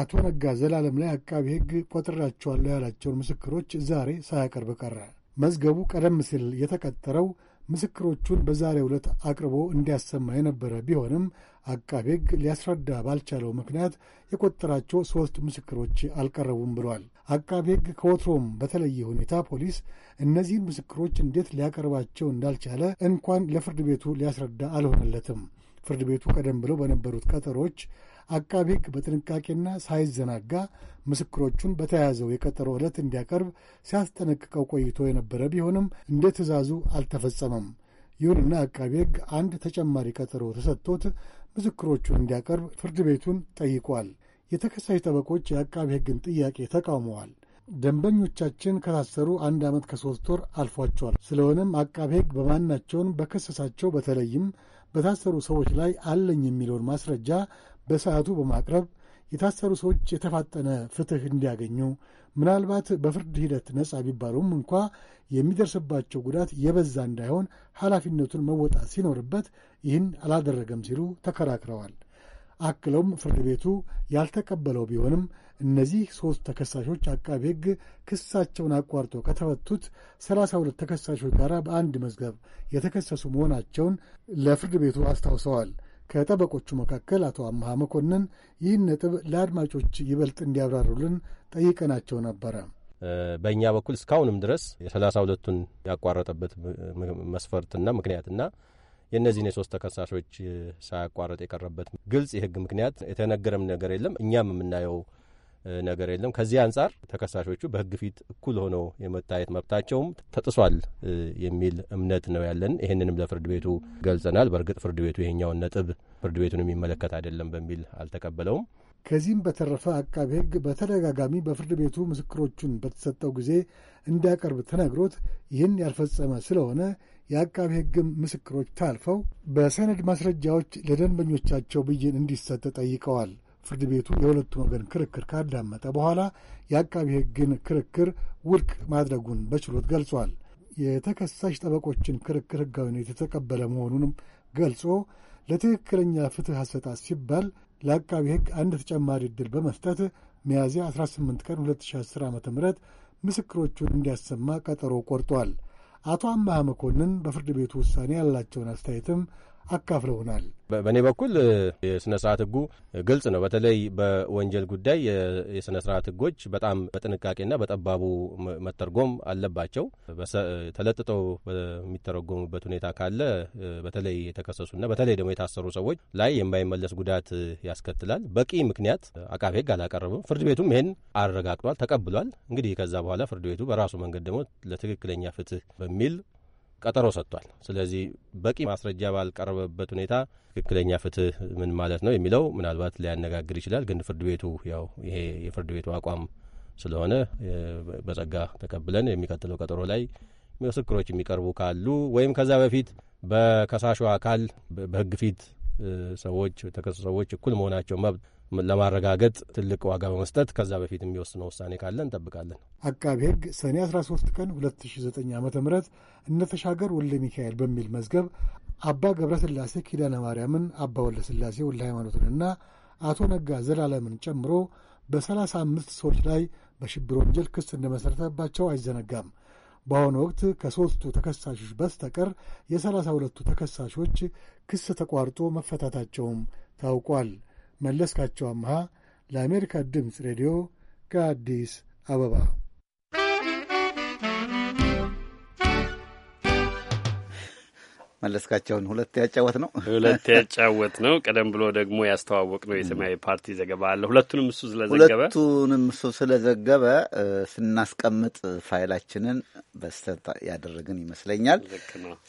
አቶ ነጋ ዘላለም ላይ አቃቢ ሕግ ቆጥሬያቸዋለሁ ያላቸውን ምስክሮች ዛሬ ሳያቀርብ ቀረ። መዝገቡ ቀደም ሲል የተቀጠረው ምስክሮቹን በዛሬ ዕለት አቅርቦ እንዲያሰማ የነበረ ቢሆንም አቃቢ ሕግ ሊያስረዳ ባልቻለው ምክንያት የቆጠራቸው ሦስት ምስክሮች አልቀረቡም ብሏል። አቃቤ ሕግ ከወትሮም በተለየ ሁኔታ ፖሊስ እነዚህን ምስክሮች እንዴት ሊያቀርባቸው እንዳልቻለ እንኳን ለፍርድ ቤቱ ሊያስረዳ አልሆነለትም። ፍርድ ቤቱ ቀደም ብለው በነበሩት ቀጠሮች አቃቤ ሕግ በጥንቃቄና ሳይዘናጋ ምስክሮቹን በተያያዘው የቀጠሮ ዕለት እንዲያቀርብ ሲያስጠነቅቀው ቆይቶ የነበረ ቢሆንም እንደ ትእዛዙ አልተፈጸመም። ይሁንና አቃቤ ሕግ አንድ ተጨማሪ ቀጠሮ ተሰጥቶት ምስክሮቹን እንዲያቀርብ ፍርድ ቤቱን ጠይቋል። የተከሳሽ ጠበቆች የአቃቢ ሕግን ጥያቄ ተቃውመዋል። ደንበኞቻችን ከታሰሩ አንድ ዓመት ከሦስት ወር አልፏቸዋል። ስለሆነም አቃቢ ሕግ በማናቸውን በከሰሳቸው በተለይም በታሰሩ ሰዎች ላይ አለኝ የሚለውን ማስረጃ በሰዓቱ በማቅረብ የታሰሩ ሰዎች የተፋጠነ ፍትሕ እንዲያገኙ ምናልባት በፍርድ ሂደት ነጻ ቢባሉም እንኳ የሚደርስባቸው ጉዳት የበዛ እንዳይሆን ኃላፊነቱን መወጣት ሲኖርበት ይህን አላደረገም ሲሉ ተከራክረዋል። አክለውም ፍርድ ቤቱ ያልተቀበለው ቢሆንም እነዚህ ሦስት ተከሳሾች አቃቢ ሕግ ክሳቸውን አቋርጦ ከተፈቱት ሰላሳ ሁለት ተከሳሾች ጋር በአንድ መዝገብ የተከሰሱ መሆናቸውን ለፍርድ ቤቱ አስታውሰዋል። ከጠበቆቹ መካከል አቶ አምሃ መኮንን ይህን ነጥብ ለአድማጮች ይበልጥ እንዲያብራሩልን ጠይቀናቸው ነበረ። በእኛ በኩል እስካሁንም ድረስ የሰላሳ ሁለቱን ያቋረጠበት መስፈርትና ምክንያትና የእነዚህን የሶስት ተከሳሾች ሳያቋረጥ የቀረበት ግልጽ የህግ ምክንያት የተነገረም ነገር የለም። እኛም የምናየው ነገር የለም። ከዚህ አንጻር ተከሳሾቹ በህግ ፊት እኩል ሆነው የመታየት መብታቸውም ተጥሷል የሚል እምነት ነው ያለን። ይህንንም ለፍርድ ቤቱ ገልጸናል። በእርግጥ ፍርድ ቤቱ ይሄኛውን ነጥብ ፍርድ ቤቱን የሚመለከት አይደለም በሚል አልተቀበለውም። ከዚህም በተረፈ አቃቤ ህግ በተደጋጋሚ በፍርድ ቤቱ ምስክሮቹን በተሰጠው ጊዜ እንዲያቀርብ ተነግሮት ይህን ያልፈጸመ ስለሆነ የአቃቢ ሕግም ምስክሮች ታልፈው በሰነድ ማስረጃዎች ለደንበኞቻቸው ብይን እንዲሰጥ ጠይቀዋል። ፍርድ ቤቱ የሁለቱን ወገን ክርክር ካዳመጠ በኋላ የአቃቢ ሕግን ክርክር ውድቅ ማድረጉን በችሎት ገልጿል። የተከሳሽ ጠበቆችን ክርክር ሕጋዊነት የተቀበለ መሆኑንም ገልጾ ለትክክለኛ ፍትሕ አሰጣት ሲባል ለአቃቢ ሕግ አንድ ተጨማሪ ዕድል በመስጠት ሚያዝያ 18 ቀን 2010 ዓ ም ምስክሮቹን እንዲያሰማ ቀጠሮ ቆርጧል። አቶ አምሃ መኮንን በፍርድ ቤቱ ውሳኔ ያላቸውን አስተያየትም አካፍለውናል። በእኔ በኩል የስነ ስርዓት ህጉ ግልጽ ነው። በተለይ በወንጀል ጉዳይ የስነ ስርዓት ህጎች በጣም በጥንቃቄና በጠባቡ መተርጎም አለባቸው። ተለጥጠው በሚተረጎሙበት ሁኔታ ካለ በተለይ የተከሰሱና በተለይ ደግሞ የታሰሩ ሰዎች ላይ የማይመለስ ጉዳት ያስከትላል። በቂ ምክንያት አቃቤ ህግ አላቀረብም። ፍርድ ቤቱም ይሄን አረጋግጧል፣ ተቀብሏል። እንግዲህ ከዛ በኋላ ፍርድ ቤቱ በራሱ መንገድ ደግሞ ለትክክለኛ ፍትህ በሚል ቀጠሮ ሰጥቷል። ስለዚህ በቂ ማስረጃ ባልቀረበበት ሁኔታ ትክክለኛ ፍትህ ምን ማለት ነው የሚለው ምናልባት ሊያነጋግር ይችላል። ግን ፍርድ ቤቱ ያው ይሄ የፍርድ ቤቱ አቋም ስለሆነ በጸጋ ተቀብለን የሚቀጥለው ቀጠሮ ላይ ምስክሮች የሚቀርቡ ካሉ ወይም ከዛ በፊት በከሳሹ አካል በህግ ፊት ሰዎች ተከሳሾች እኩል መሆናቸው መብት ለማረጋገጥ ትልቅ ዋጋ በመስጠት ከዛ በፊት የሚወስነው ውሳኔ ካለ እንጠብቃለን። አቃቤ ሕግ ሰኔ 13 ቀን 2009 ዓ ም እነተሻገር ወልደ ሚካኤል በሚል መዝገብ አባ ገብረስላሴ ኪዳነ ማርያምን፣ አባ ወልደ ስላሴ ወልደ ሃይማኖትንና አቶ ነጋ ዘላለምን ጨምሮ በሰላሳ አምስት ሰዎች ላይ በሽብር ወንጀል ክስ እንደመሠረተባቸው አይዘነጋም። በአሁኑ ወቅት ከሦስቱ ተከሳሾች በስተቀር የሰላሳ ሁለቱ ተከሳሾች ክስ ተቋርጦ መፈታታቸውም ታውቋል። መለስካቸው አመሃ ለአሜሪካ ድምፅ ሬዲዮ ከአዲስ አበባ መለስካቸውን ሁለት ያጫወት ነው ሁለት ያጫወት ነው። ቀደም ብሎ ደግሞ ያስተዋወቅ ነው የሰማያዊ ፓርቲ ዘገባ አለ። ሁለቱንም እሱ ስለዘገበ ሁለቱንም እሱ ስለዘገበ ስናስቀምጥ ፋይላችንን በስተት ያደረግን ይመስለኛል።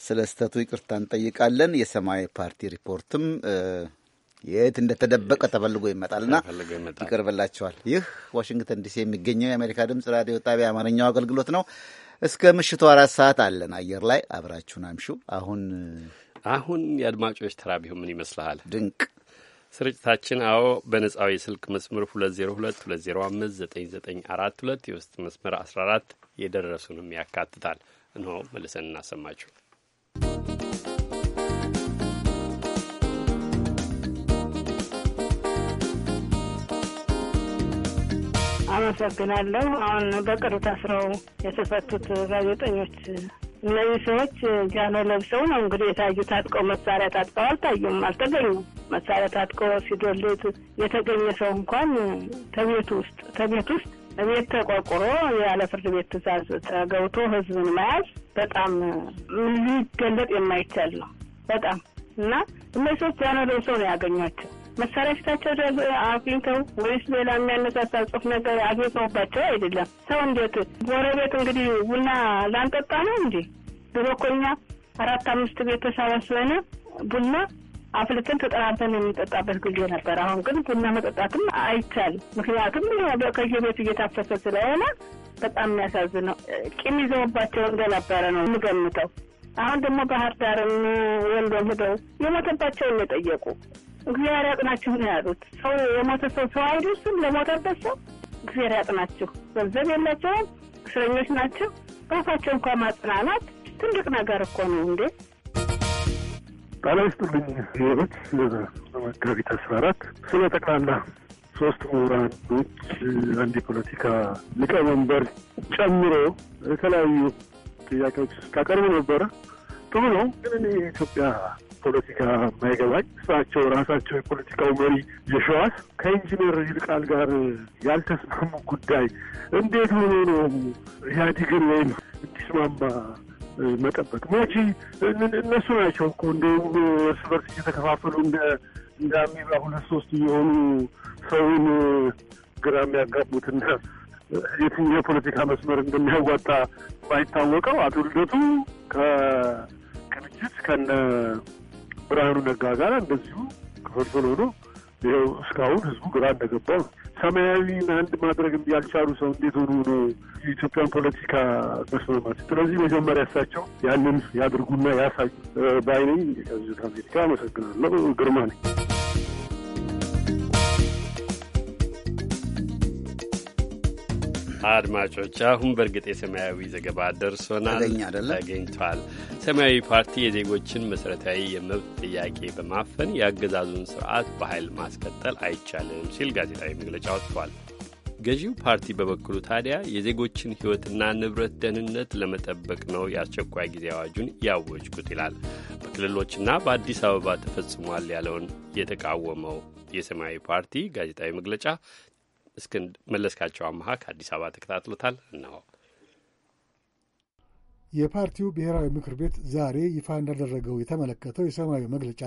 ስለ ስተቱ ይቅርታ እንጠይቃለን። የሰማያዊ ፓርቲ ሪፖርትም የት እንደተደበቀ ተፈልጎ ይመጣልና ይቀርብላቸዋል። ይህ ዋሽንግተን ዲሲ የሚገኘው የአሜሪካ ድምጽ ራዲዮ ጣቢያ አማርኛው አገልግሎት ነው። እስከ ምሽቱ አራት ሰዓት አለን አየር ላይ አብራችሁን አምሹ። አሁን አሁን የአድማጮች ተራ ቢሆን ምን ይመስልሃል? ድንቅ ስርጭታችን አዎ፣ በነጻው የስልክ መስመር 202 205 9942 የውስጥ መስመር 14 የደረሱንም ያካትታል። እንሆ መልሰን እናሰማችሁ። አመሰግናለሁ። አሁን በቅርብ ታስረው የተፈቱት ጋዜጠኞች እነዚህ ሰዎች ጃኖ ለብሰው ነው እንግዲህ የታዩ ታጥቀው መሳሪያ ታጥቀው አልታዩም፣ አልተገኙም። መሳሪያ ታጥቀው ሲዶሌት የተገኘ ሰው እንኳን ተቤት ውስጥ ተቤት ውስጥ ቤት ተቆርቁሮ ያለ ፍርድ ቤት ትእዛዝ ተገብቶ ህዝብን መያዝ በጣም ሊገለጥ የማይቻል ነው። በጣም እና እነዚህ ሰዎች ጃኖ ለብሰው ነው ያገኟቸው። መሳሪያ ፊታቸው አግኝተው ወይስ ሌላ የሚያነሳሳ ጽሁፍ ነገር አግኝተውባቸው አይደለም። ሰው እንዴት ጎረቤት እንግዲህ ቡና ላንጠጣ ነው እንዴ? ድሮ እኮ እኛ አራት አምስት ቤተሰብ ስለሆነ ቡና አፍልተን ተጠራርተን የሚጠጣበት ጊዜ ነበር። አሁን ግን ቡና መጠጣትም አይቻልም። ምክንያቱም ከየቤት እየታፈሰ ስለሆነ በጣም ነው። ቂም ይዘውባቸው እንደነበረ ነው የምገምተው። አሁን ደግሞ ባህር ዳርም ወንዶ ሄደው የሞተባቸውን የጠየቁ እግዚአብሔር ያጥናችሁ ነው ያሉት። ሰው የሞተ ሰው ሰው አይደርስም ለሞተበት ሰው እግዚአብሔር ያጥናችሁ። ገንዘብ የላቸውም፣ እስረኞች ናቸው። ራሳቸው እንኳ ማጽናናት ትልቅ ነገር እኮ ነው እንዴ! ጣላ ይስጥልኝ ህይወት መጋቢት አስራ አራት ስለ ጠቅላላ ሶስት ምሁራኖች አንድ የፖለቲካ ሊቀመንበር ጨምሮ የተለያዩ ጥያቄዎች ስታቀርቡ ነበረ። ጥሩ ነው ግን እኔ ኢትዮጵያ ፖለቲካ ማይገባኝ እሳቸው ራሳቸው የፖለቲካው መሪ የሸዋስ ከኢንጂነር ይልቃል ጋር ያልተስማሙ ጉዳይ እንዴት ሆኖ ነው ኢህአዲግን ወይም እንዲስማማ መጠበቅ? ሞቺ እነሱ ናቸው እኮ እንደውም እርስ በርስ እየተከፋፈሉ እንደ እንዳሚባ ሁለት ሶስት እየሆኑ ሰውን ግራ የሚያጋቡትና የትኛው የፖለቲካ መስመር እንደሚያዋጣ ባይታወቀው አቶ ልደቱ ከቅንጅት ከነ ብርሃኑ ነጋ ጋር እንደዚሁ ክፍልፍል ሆኖ ይኸው እስካሁን ህዝቡ ግራ እንደገባው ሰማያዊ አንድ ማድረግ ያልቻሉ ሰው እንዴት ሆኑ ነው የኢትዮጵያን ፖለቲካ መስማማት? ስለዚህ መጀመሪያ እሳቸው ያንን ያድርጉና ያሳዩ በአይነኝ ከዚ አሜሪካ አመሰግናለሁ። ግርማ ነኝ። አድማጮች አሁን በእርግጥ የሰማያዊ ዘገባ ደርሶናል፣ ተገኝቷል። ሰማያዊ ፓርቲ የዜጎችን መሠረታዊ የመብት ጥያቄ በማፈን የአገዛዙን ስርዓት በኃይል ማስቀጠል አይቻልም ሲል ጋዜጣዊ መግለጫ ወጥቷል። ገዢው ፓርቲ በበኩሉ ታዲያ የዜጎችን ሕይወትና ንብረት ደህንነት ለመጠበቅ ነው የአስቸኳይ ጊዜ አዋጁን ያወጅኩት ይላል። በክልሎችና በአዲስ አበባ ተፈጽሟል ያለውን የተቃወመው የሰማያዊ ፓርቲ ጋዜጣዊ መግለጫ መለስካቸው አመሀ ከአዲስ አበባ ተከታትሎታል ነው። የፓርቲው ብሔራዊ ምክር ቤት ዛሬ ይፋ እንዳደረገው የተመለከተው የሰማያዊ መግለጫ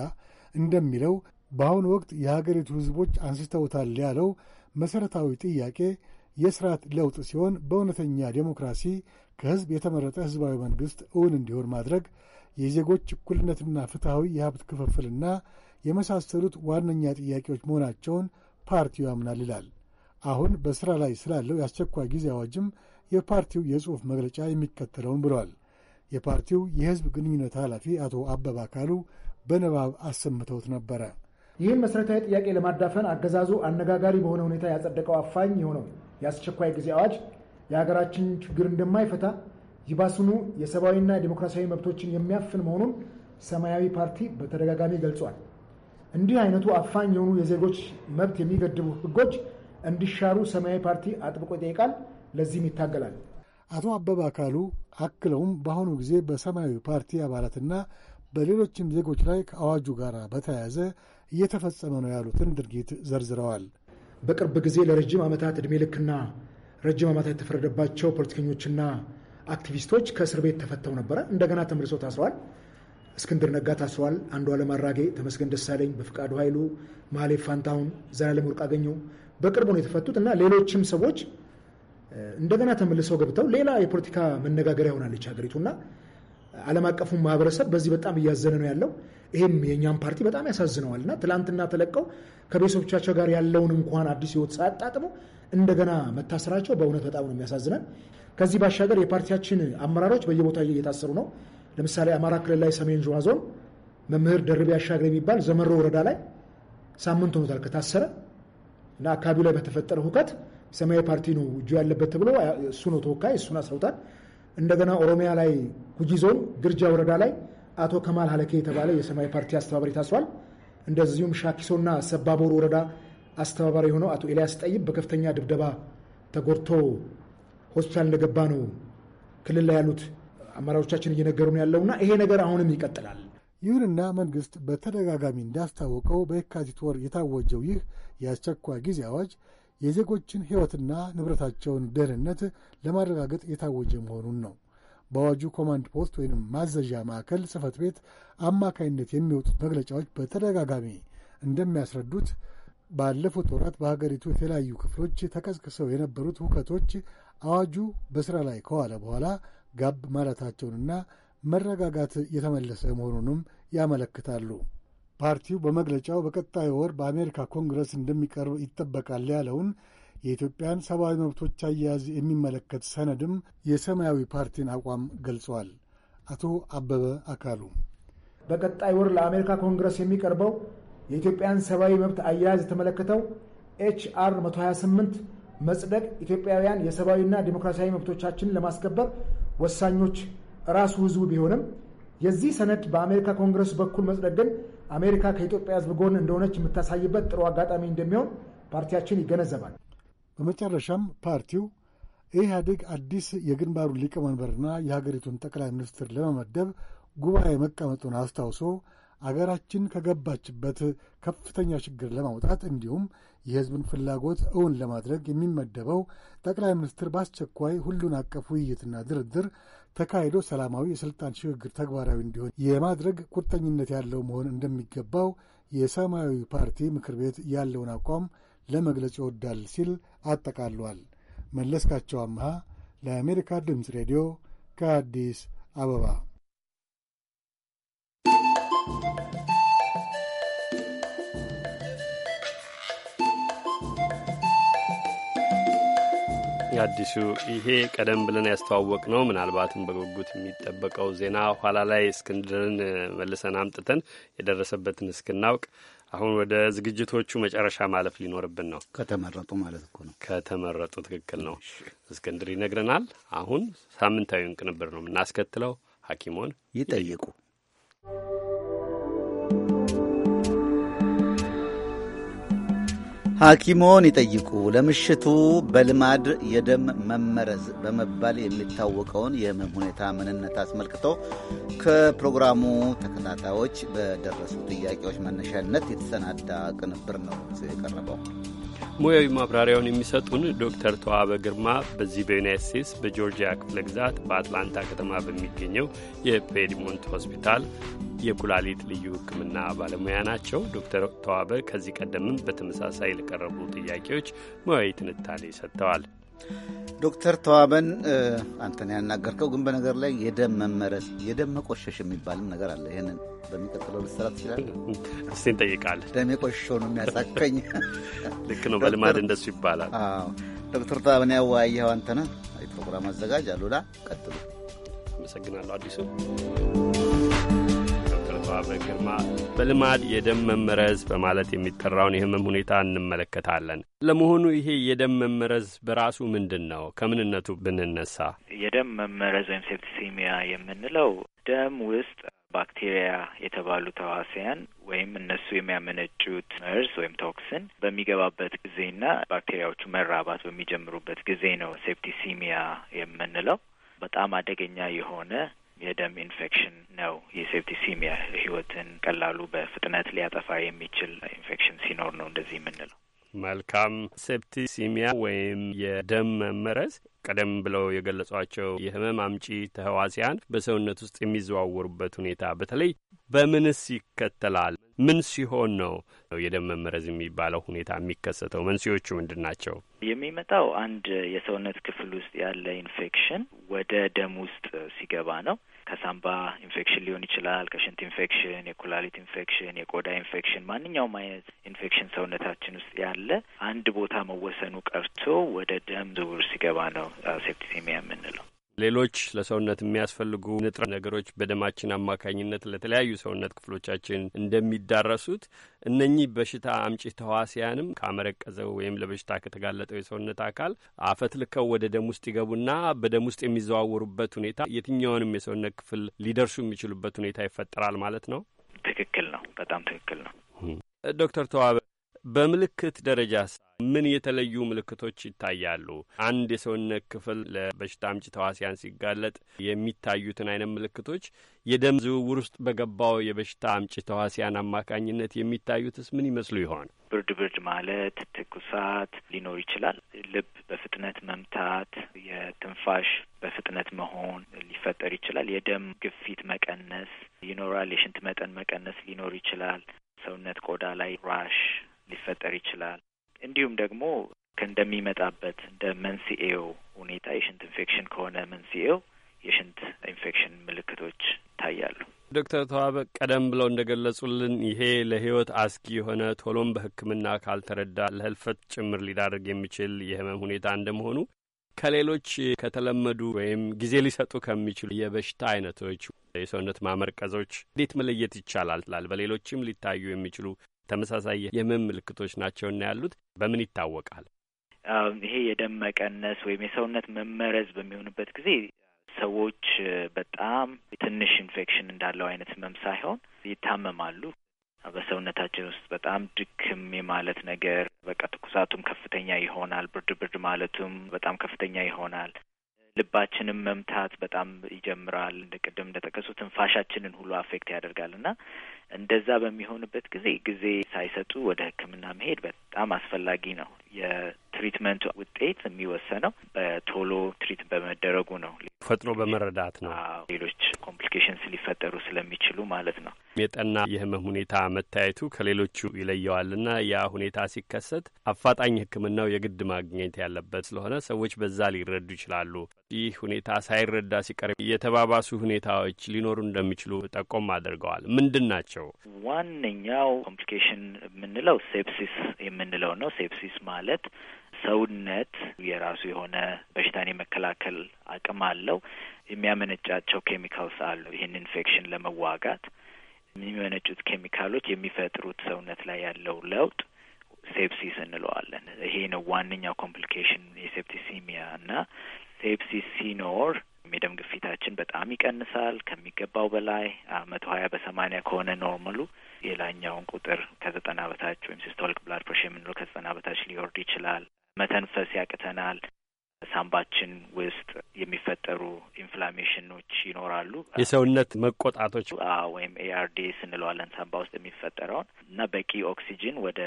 እንደሚለው በአሁኑ ወቅት የሀገሪቱ ሕዝቦች አንስተውታል ያለው መሠረታዊ ጥያቄ የስርዓት ለውጥ ሲሆን በእውነተኛ ዴሞክራሲ ከሕዝብ የተመረጠ ሕዝባዊ መንግሥት እውን እንዲሆን ማድረግ፣ የዜጎች እኩልነትና ፍትሐዊ የሀብት ክፍፍልና የመሳሰሉት ዋነኛ ጥያቄዎች መሆናቸውን ፓርቲው ያምናል ይላል። አሁን በሥራ ላይ ስላለው የአስቸኳይ ጊዜ አዋጅም የፓርቲው የጽሑፍ መግለጫ የሚከተለውን ብለዋል። የፓርቲው የሕዝብ ግንኙነት ኃላፊ አቶ አበባ አካሉ በንባብ አሰምተውት ነበረ። ይህም መሠረታዊ ጥያቄ ለማዳፈን አገዛዙ አነጋጋሪ በሆነ ሁኔታ ያጸደቀው አፋኝ የሆነው የአስቸኳይ ጊዜ አዋጅ የሀገራችን ችግር እንደማይፈታ ይባስኑ የሰብአዊና ዲሞክራሲያዊ መብቶችን የሚያፍን መሆኑን ሰማያዊ ፓርቲ በተደጋጋሚ ገልጿል። እንዲህ አይነቱ አፋኝ የሆኑ የዜጎች መብት የሚገድቡ ህጎች። እንዲሻሩ ሰማያዊ ፓርቲ አጥብቆ ይጠይቃል፣ ለዚህም ይታገላል። አቶ አበበ አካሉ አክለውም በአሁኑ ጊዜ በሰማያዊ ፓርቲ አባላትና በሌሎችም ዜጎች ላይ ከአዋጁ ጋር በተያያዘ እየተፈጸመ ነው ያሉትን ድርጊት ዘርዝረዋል። በቅርብ ጊዜ ለረጅም ዓመታት ዕድሜ ልክና ረጅም ዓመታት የተፈረደባቸው ፖለቲከኞችና አክቲቪስቶች ከእስር ቤት ተፈተው ነበረ። እንደገና ተመልሶ ታስረዋል። እስክንድር ነጋ ታስረዋል። አንዱዓለም አራጌ፣ ተመስገን ደሳለኝ፣ በፍቃዱ ኃይሉ፣ ማሌ ፋንታሁን፣ ዘላለም ወርቅ አገኘው፣ በቅርቡ ነው የተፈቱት እና ሌሎችም ሰዎች እንደገና ተመልሰው ገብተው ሌላ የፖለቲካ መነጋገሪያ ሀገሪቱ ሀገሪቱና ዓለም አቀፉን ማህበረሰብ በዚህ በጣም እያዘነ ነው ያለው። ይህም የእኛም ፓርቲ በጣም ያሳዝነዋል እና ትላንትና ተለቀው ከቤተሰቦቻቸው ጋር ያለውን እንኳን አዲስ ህይወት ሳያጣጥሙ እንደገና መታሰራቸው በእውነት በጣም ነው የሚያሳዝነን። ከዚህ ባሻገር የፓርቲያችን አመራሮች በየቦታው እየታሰሩ ነው። ለምሳሌ አማራ ክልል ላይ ሰሜን ሸዋ ዞን መምህር ደርቤ አሻገር የሚባል ዘመሮ ወረዳ ላይ ሳምንት ሆኖታል ከታሰረ እና አካባቢው ላይ በተፈጠረ ሁከት ሰማያዊ ፓርቲ ነው እጁ ያለበት ተብሎ እሱ ነው ተወካይ፣ እሱን አስረውታል። እንደገና ኦሮሚያ ላይ ጉጂ ዞን ግርጃ ወረዳ ላይ አቶ ከማል ሀለኬ የተባለ የሰማያዊ ፓርቲ አስተባባሪ ታስሯል። እንደዚሁም ሻኪሶና ሰባቦር ወረዳ አስተባባሪ የሆነው አቶ ኤልያስ ጠይብ በከፍተኛ ድብደባ ተጎድቶ ሆስፒታል እንደገባ ነው ክልል ላይ ያሉት አመራሮቻችን እየነገሩ ነው ያለውና ይሄ ነገር አሁንም ይቀጥላል። ይሁንና መንግሥት በተደጋጋሚ እንዳስታወቀው በየካቲት ወር የታወጀው ይህ የአስቸኳይ ጊዜ አዋጅ የዜጎችን ሕይወትና ንብረታቸውን ደህንነት ለማረጋገጥ የታወጀ መሆኑን ነው። በአዋጁ ኮማንድ ፖስት ወይም ማዘዣ ማዕከል ጽሕፈት ቤት አማካይነት የሚወጡት መግለጫዎች በተደጋጋሚ እንደሚያስረዱት ባለፉት ወራት በሀገሪቱ የተለያዩ ክፍሎች ተቀስቅሰው የነበሩት ሁከቶች አዋጁ በሥራ ላይ ከዋለ በኋላ ጋብ ማለታቸውንና መረጋጋት የተመለሰ መሆኑንም ያመለክታሉ። ፓርቲው በመግለጫው በቀጣይ ወር በአሜሪካ ኮንግረስ እንደሚቀርብ ይጠበቃል ያለውን የኢትዮጵያን ሰብአዊ መብቶች አያያዝ የሚመለከት ሰነድም የሰማያዊ ፓርቲን አቋም ገልጸዋል። አቶ አበበ አካሉ በቀጣይ ወር ለአሜሪካ ኮንግረስ የሚቀርበው የኢትዮጵያን ሰብአዊ መብት አያያዝ የተመለከተው አር 128 መጽደቅ ኢትዮጵያውያን የሰብአዊና ዲሞክራሲያዊ መብቶቻችንን ለማስከበር ወሳኞች ራሱ ህዝቡ ቢሆንም የዚህ ሰነድ በአሜሪካ ኮንግረስ በኩል መጽደቅ ግን አሜሪካ ከኢትዮጵያ ህዝብ ጎን እንደሆነች የምታሳይበት ጥሩ አጋጣሚ እንደሚሆን ፓርቲያችን ይገነዘባል። በመጨረሻም ፓርቲው ኢህአዴግ አዲስ የግንባሩን ሊቀመንበርና የሀገሪቱን ጠቅላይ ሚኒስትር ለመመደብ ጉባኤ መቀመጡን አስታውሶ አገራችን ከገባችበት ከፍተኛ ችግር ለማውጣት እንዲሁም የህዝብን ፍላጎት እውን ለማድረግ የሚመደበው ጠቅላይ ሚኒስትር በአስቸኳይ ሁሉን አቀፍ ውይይትና ድርድር ተካሂዶ ሰላማዊ የሥልጣን ሽግግር ተግባራዊ እንዲሆን የማድረግ ቁርጠኝነት ያለው መሆን እንደሚገባው የሰማያዊ ፓርቲ ምክር ቤት ያለውን አቋም ለመግለጽ ይወዳል ሲል አጠቃሏል። መለስካቸው አምሃ ለአሜሪካ ድምፅ ሬዲዮ ከአዲስ አበባ አዲሱ ይሄ ቀደም ብለን ያስተዋወቅ ነው። ምናልባትም በጉጉት የሚጠበቀው ዜና ኋላ ላይ እስክንድርን መልሰን አምጥተን የደረሰበትን እስክናውቅ አሁን ወደ ዝግጅቶቹ መጨረሻ ማለፍ ሊኖርብን ነው። ከተመረጡ ማለት እኮ ነው። ከተመረጡ ትክክል ነው። እስክንድር ይነግረናል። አሁን ሳምንታዊውን ቅንብር ነው የምናስከትለው። ሐኪሞን ይጠይቁ ሐኪሞን ይጠይቁ ለምሽቱ በልማድ የደም መመረዝ በመባል የሚታወቀውን የህመም ሁኔታ ምንነት አስመልክቶ ከፕሮግራሙ ተከታታዮች በደረሱ ጥያቄዎች መነሻነት የተሰናዳ ቅንብር ነው የቀረበው። ሙያዊ ማብራሪያውን የሚሰጡን ዶክተር ተዋበ ግርማ በዚህ በዩናይት ስቴትስ በጆርጂያ ክፍለ ግዛት በአትላንታ ከተማ በሚገኘው የፔድሞንት ሆስፒታል የኩላሊት ልዩ ሕክምና ባለሙያ ናቸው። ዶክተር ተዋበ ከዚህ ቀደምም በተመሳሳይ ለቀረቡ ጥያቄዎች ሙያዊ ትንታኔ ሰጥተዋል። ዶክተር ተዋበን አንተን ያናገርከው ግን በነገር ላይ የደም መመረዝ የደም መቆሸሽ የሚባልም ነገር አለ። ይህንን በሚቀጥለው ልሰራ ትችላለህ። እስቲ እንጠይቃለን። ደም የቆሸሾ ነው የሚያሳከኝ። ልክ ነው፣ በልማድ እንደሱ ይባላል። ዶክተር ተዋበን ያወያየኸው አንተነህ። የፕሮግራም አዘጋጅ አሉላ። ቀጥሉ። አመሰግናለሁ አዲሱ አበበ ግርማ በልማድ የደም መመረዝ በማለት የሚጠራውን የህመም ሁኔታ እንመለከታለን። ለመሆኑ ይሄ የደም መመረዝ በራሱ ምንድን ነው? ከምንነቱ ብንነሳ የደም መመረዝ ወይም ሴፕቲሲሚያ የምንለው ደም ውስጥ ባክቴሪያ የተባሉ ተዋሲያን ወይም እነሱ የሚያመነጩት መርዝ ወይም ቶክስን በሚገባበት ጊዜና ባክቴሪያዎቹ መራባት በሚጀምሩበት ጊዜ ነው ሴፕቲሲሚያ የምንለው። በጣም አደገኛ የሆነ የደም ኢንፌክሽን ነው። የሴፕቲሲሚያ ህይወትን ቀላሉ በፍጥነት ሊያጠፋ የሚችል ኢንፌክሽን ሲኖር ነው እንደዚህ የምንለው። መልካም ሴፕቲሲሚያ ወይም የደም መመረዝ ቀደም ብለው የገለጿቸው የህመም አምጪ ተህዋሲያን በሰውነት ውስጥ የሚዘዋወሩበት ሁኔታ በተለይ በምንስ ይከተላል? ምን ሲሆን ነው የደም መመረዝ የሚባለው ሁኔታ የሚከሰተው? መንስኤዎቹ ምንድን ናቸው? የሚመጣው አንድ የሰውነት ክፍል ውስጥ ያለ ኢንፌክሽን ወደ ደም ውስጥ ሲገባ ነው። ከሳምባ ኢንፌክሽን ሊሆን ይችላል፣ ከሽንት ኢንፌክሽን፣ የኩላሊት ኢንፌክሽን፣ የቆዳ ኢንፌክሽን፣ ማንኛውም አይነት ኢንፌክሽን ሰውነታችን ውስጥ ያለ አንድ ቦታ መወሰኑ ቀርቶ ወደ ደም ዝውውር ሲገባ ነው አሴፕቲሲሚያ የምንለው። ሌሎች ለሰውነት የሚያስፈልጉ ንጥረ ነገሮች በደማችን አማካኝነት ለተለያዩ ሰውነት ክፍሎቻችን እንደሚዳረሱት እነኚህ በሽታ አምጪ ተዋሲያንም ካመረቀዘው ወይም ለበሽታ ከተጋለጠው የሰውነት አካል አፈት ልከው ወደ ደም ውስጥ ይገቡና በደም ውስጥ የሚዘዋወሩበት ሁኔታ የትኛውንም የሰውነት ክፍል ሊደርሱ የሚችሉበት ሁኔታ ይፈጠራል ማለት ነው። ትክክል ነው። በጣም ትክክል ነው ዶክተር ተዋበ በምልክት ደረጃ ምን የተለዩ ምልክቶች ይታያሉ? አንድ የሰውነት ክፍል ለበሽታ አምጪ ተዋሲያን ሲጋለጥ የሚታዩትን አይነት ምልክቶች የደም ዝውውር ውስጥ በገባው የበሽታ አምጪ ተዋሲያን አማካኝነት የሚታዩትስ ምን ይመስሉ ይሆን? ብርድ ብርድ ማለት፣ ትኩሳት ሊኖር ይችላል። ልብ በፍጥነት መምታት፣ የትንፋሽ በፍጥነት መሆን ሊፈጠር ይችላል። የደም ግፊት መቀነስ ይኖራል። የሽንት መጠን መቀነስ ሊኖር ይችላል። ሰውነት ቆዳ ላይ ራሽ ሊፈጠር ይችላል። እንዲሁም ደግሞ እንደሚመጣበት እንደ መንስኤው ሁኔታ የሽንት ኢንፌክሽን ከሆነ መንስኤው የሽንት ኢንፌክሽን ምልክቶች ይታያሉ። ዶክተር ተዋበ ቀደም ብለው እንደ ገለጹልን ይሄ ለህይወት አስጊ የሆነ ቶሎም በሕክምና ካልተረዳ ለህልፈት ጭምር ሊዳርግ የሚችል የህመም ሁኔታ እንደመሆኑ ከሌሎች ከተለመዱ ወይም ጊዜ ሊሰጡ ከሚችሉ የበሽታ አይነቶች የሰውነት ማመርቀዞች እንዴት መለየት ይቻላል? ላል በሌሎችም ሊታዩ የሚችሉ ተመሳሳይ የህመም ምልክቶች ናቸውና ያሉት በምን ይታወቃል? ይሄ የደም መቀነስ ወይም የሰውነት መመረዝ በሚሆንበት ጊዜ ሰዎች በጣም ትንሽ ኢንፌክሽን እንዳለው አይነት ህመም ሳይሆን ይታመማሉ። በሰውነታችን ውስጥ በጣም ድክም የማለት ነገር፣ በቃ ትኩሳቱም ከፍተኛ ይሆናል። ብርድ ብርድ ማለቱም በጣም ከፍተኛ ይሆናል። ልባችንም መምታት በጣም ይጀምራል። እንደ ቅድም እንደጠቀሱት ትንፋሻችንን ሁሉ አፌክት ያደርጋል እና እንደዛ በሚሆንበት ጊዜ ጊዜ ሳይሰጡ ወደ ሕክምና መሄድ በጣም አስፈላጊ ነው። የትሪትመንቱ ውጤት የሚወሰነው በቶሎ ትሪት በመደረጉ ነው። ፈጥኖ በመረዳት ነው። ሌሎች ኮምፕሊኬሽንስ ሊፈጠሩ ስለሚችሉ ማለት ነው። የጠና የህመም ሁኔታ መታየቱ ከሌሎቹ ይለየዋልና ያ ሁኔታ ሲከሰት አፋጣኝ ሕክምናው የግድ ማግኘት ያለበት ስለሆነ ሰዎች በዛ ሊረዱ ይችላሉ። ይህ ሁኔታ ሳይረዳ ሲቀር የተባባሱ ሁኔታዎች ሊኖሩ እንደሚችሉ ጠቆም አድርገዋል። ምንድን ናቸው? ናቸው? ዋነኛው ኮምፕሊኬሽን የምንለው ሴፕሲስ የምንለው ነው። ሴፕሲስ ማለት ሰውነት የራሱ የሆነ በሽታን የመከላከል አቅም አለው። የሚያመነጫቸው ኬሚካልስ አሉ። ይህን ኢንፌክሽን ለመዋጋት የሚመነጩት ኬሚካሎች የሚፈጥሩት ሰውነት ላይ ያለው ለውጥ ሴፕሲስ እንለዋለን። ይሄ ነው ዋነኛው ኮምፕሊኬሽን የሴፕቲሲሚያ እና ሴፕሲስ ሲኖር የደም ግፊታችን በጣም ይቀንሳል ከሚገባው በላይ መቶ ሀያ በሰማኒያ ከሆነ ኖርማሉ ሌላኛውን ቁጥር ከዘጠና በታች ወይም ሲስቶሊክ ብላድ ፕሬሽር የምንለው ከዘጠና በታች ሊወርድ ይችላል። መተንፈስ ያቅተናል። ሳምባችን ውስጥ የሚፈጠሩ ኢንፍላሜሽኖች ይኖራሉ። የሰውነት መቆጣቶች ወይም ኤአርዲ ስንለዋለን ሳምባ ውስጥ የሚፈጠረውን እና በቂ ኦክሲጅን ወደ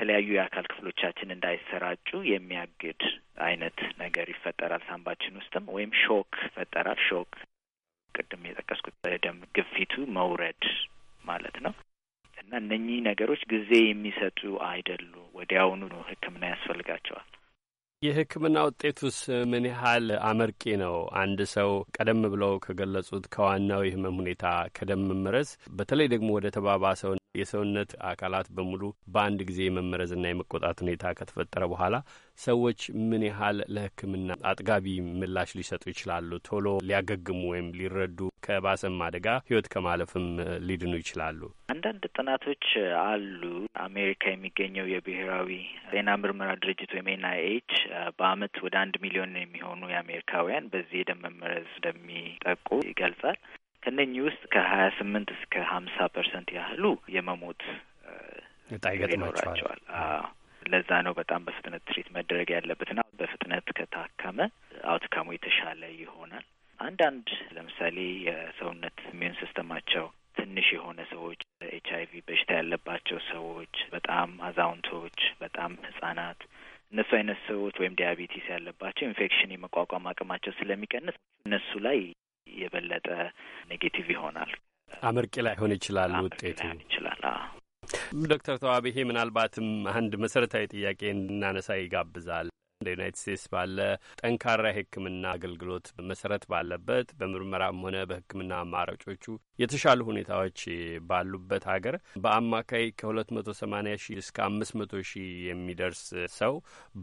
ተለያዩ የአካል ክፍሎቻችን እንዳይሰራጩ የሚያግድ አይነት ነገር ይፈጠራል። ሳምባችን ውስጥም ወይም ሾክ ይፈጠራል። ሾክ ቅድም የጠቀስኩት ደም ግፊቱ መውረድ ማለት ነው። እና እነኚህ ነገሮች ጊዜ የሚሰጡ አይደሉ፣ ወዲያውኑ ሕክምና ያስፈልጋቸዋል። የሕክምና ውጤቱስ ምን ያህል አመርቂ ነው? አንድ ሰው ቀደም ብለው ከገለጹት ከዋናው የህመም ሁኔታ ከደም መመረዝ በተለይ ደግሞ ወደ ተባባሰው የሰውነት አካላት በሙሉ በአንድ ጊዜ የመመረዝና የመቆጣት ሁኔታ ከተፈጠረ በኋላ ሰዎች ምን ያህል ለሕክምና አጥጋቢ ምላሽ ሊሰጡ ይችላሉ? ቶሎ ሊያገግሙ ወይም ሊረዱ ከባሰም አደጋ ህይወት ከማለፍም ሊድኑ ይችላሉ። አንዳንድ ጥናቶች አሉ። አሜሪካ የሚገኘው የብሔራዊ ጤና ምርመራ ድርጅት ወይም ኤንአይኤች በአመት ወደ አንድ ሚሊዮን የሚሆኑ የአሜሪካውያን በዚህ የደም መመረዝ እንደሚጠቁ ይገልጻል። ከነኚህ ውስጥ ከሀያ ስምንት እስከ ሀምሳ ፐርሰንት ያህሉ የመሞት እጣ ይኖራቸዋል። ለዛ ነው በጣም በፍጥነት ትሪት መደረግ ያለበትና በፍጥነት ከታከመ አውትካሙ የተሻለ ይሆናል። አንዳንድ ለምሳሌ የሰውነት ኢሚዩን ሲስተማቸው ትንሽ የሆነ ሰዎች፣ ኤች አይቪ በሽታ ያለባቸው ሰዎች፣ በጣም አዛውንቶች፣ በጣም ህጻናት እነሱ አይነት ሰዎች ወይም ዲያቤቲስ ያለባቸው ኢንፌክሽን የመቋቋም አቅማቸው ስለሚቀንስ እነሱ ላይ የበለጠ ኔጌቲቭ ይሆናል። አመርቂ ሆን ይችላል ውጤቱ ይችላል። ዶክተር ተዋብሄ ምናልባትም አንድ መሰረታዊ ጥያቄ እናነሳ ይጋብዛል። እንደ ዩናይት ስቴትስ ባለ ጠንካራ የሕክምና አገልግሎት መሰረት ባለበት በምርመራም ሆነ በሕክምና አማራጮቹ የተሻሉ ሁኔታዎች ባሉበት ሀገር በአማካይ ከ280 ሺህ እስከ 500 ሺህ የሚደርስ ሰው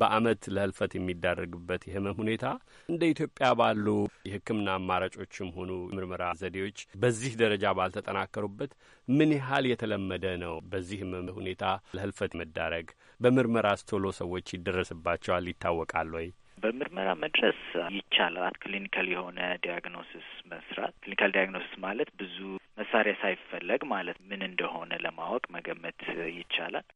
በአመት ለህልፈት የሚዳረግበት የህመም ሁኔታ እንደ ኢትዮጵያ ባሉ የሕክምና አማራጮችም ሆኑ ምርመራ ዘዴዎች በዚህ ደረጃ ባልተጠናከሩበት ምን ያህል የተለመደ ነው በዚህ ህመም ሁኔታ ለህልፈት መዳረግ? በምርመራ አስቶሎ ሰዎች ይደረስባቸዋል ይታወቃል ወይ? በምርመራ መድረስ ይቻላል። ክሊኒካል የሆነ ዲያግኖሲስ መስራት። ክሊኒካል ዲያግኖሲስ ማለት ብዙ መሳሪያ ሳይፈለግ ማለት ምን እንደሆነ ለማወቅ መገመት ይቻላል።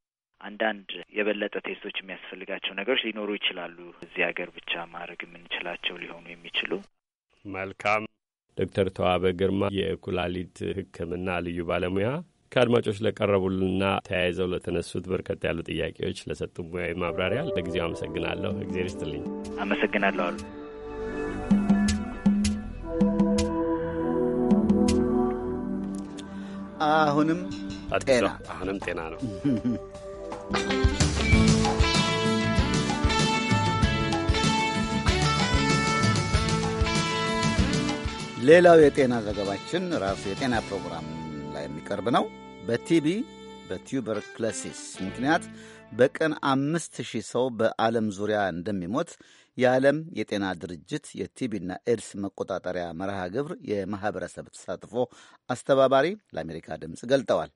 አንዳንድ የበለጠ ቴስቶች የሚያስፈልጋቸው ነገሮች ሊኖሩ ይችላሉ። እዚህ ሀገር ብቻ ማድረግ የምንችላቸው ሊሆኑ የሚችሉ መልካም። ዶክተር ተዋበ ግርማ የኩላሊት ሕክምና ልዩ ባለሙያ ከአድማጮች ለቀረቡልና ተያይዘው ለተነሱት በርከት ያሉ ጥያቄዎች ለሰጡ ሙያዊ ማብራሪያ ለጊዜው አመሰግናለሁ። እግዜር ይስጥልኝ። አመሰግናለሁ አሉ። አሁንም ጤና አሁንም ጤና ነው። ሌላው የጤና ዘገባችን ራሱ የጤና ፕሮግራም ላይ የሚቀርብ ነው። በቲቢ በቱበርክለሲስ ምክንያት በቀን አምስት ሺህ ሰው በዓለም ዙሪያ እንደሚሞት የዓለም የጤና ድርጅት የቲቢና ኤድስ መቆጣጠሪያ መርሃ ግብር የማኅበረሰብ ተሳትፎ አስተባባሪ ለአሜሪካ ድምፅ ገልጠዋል።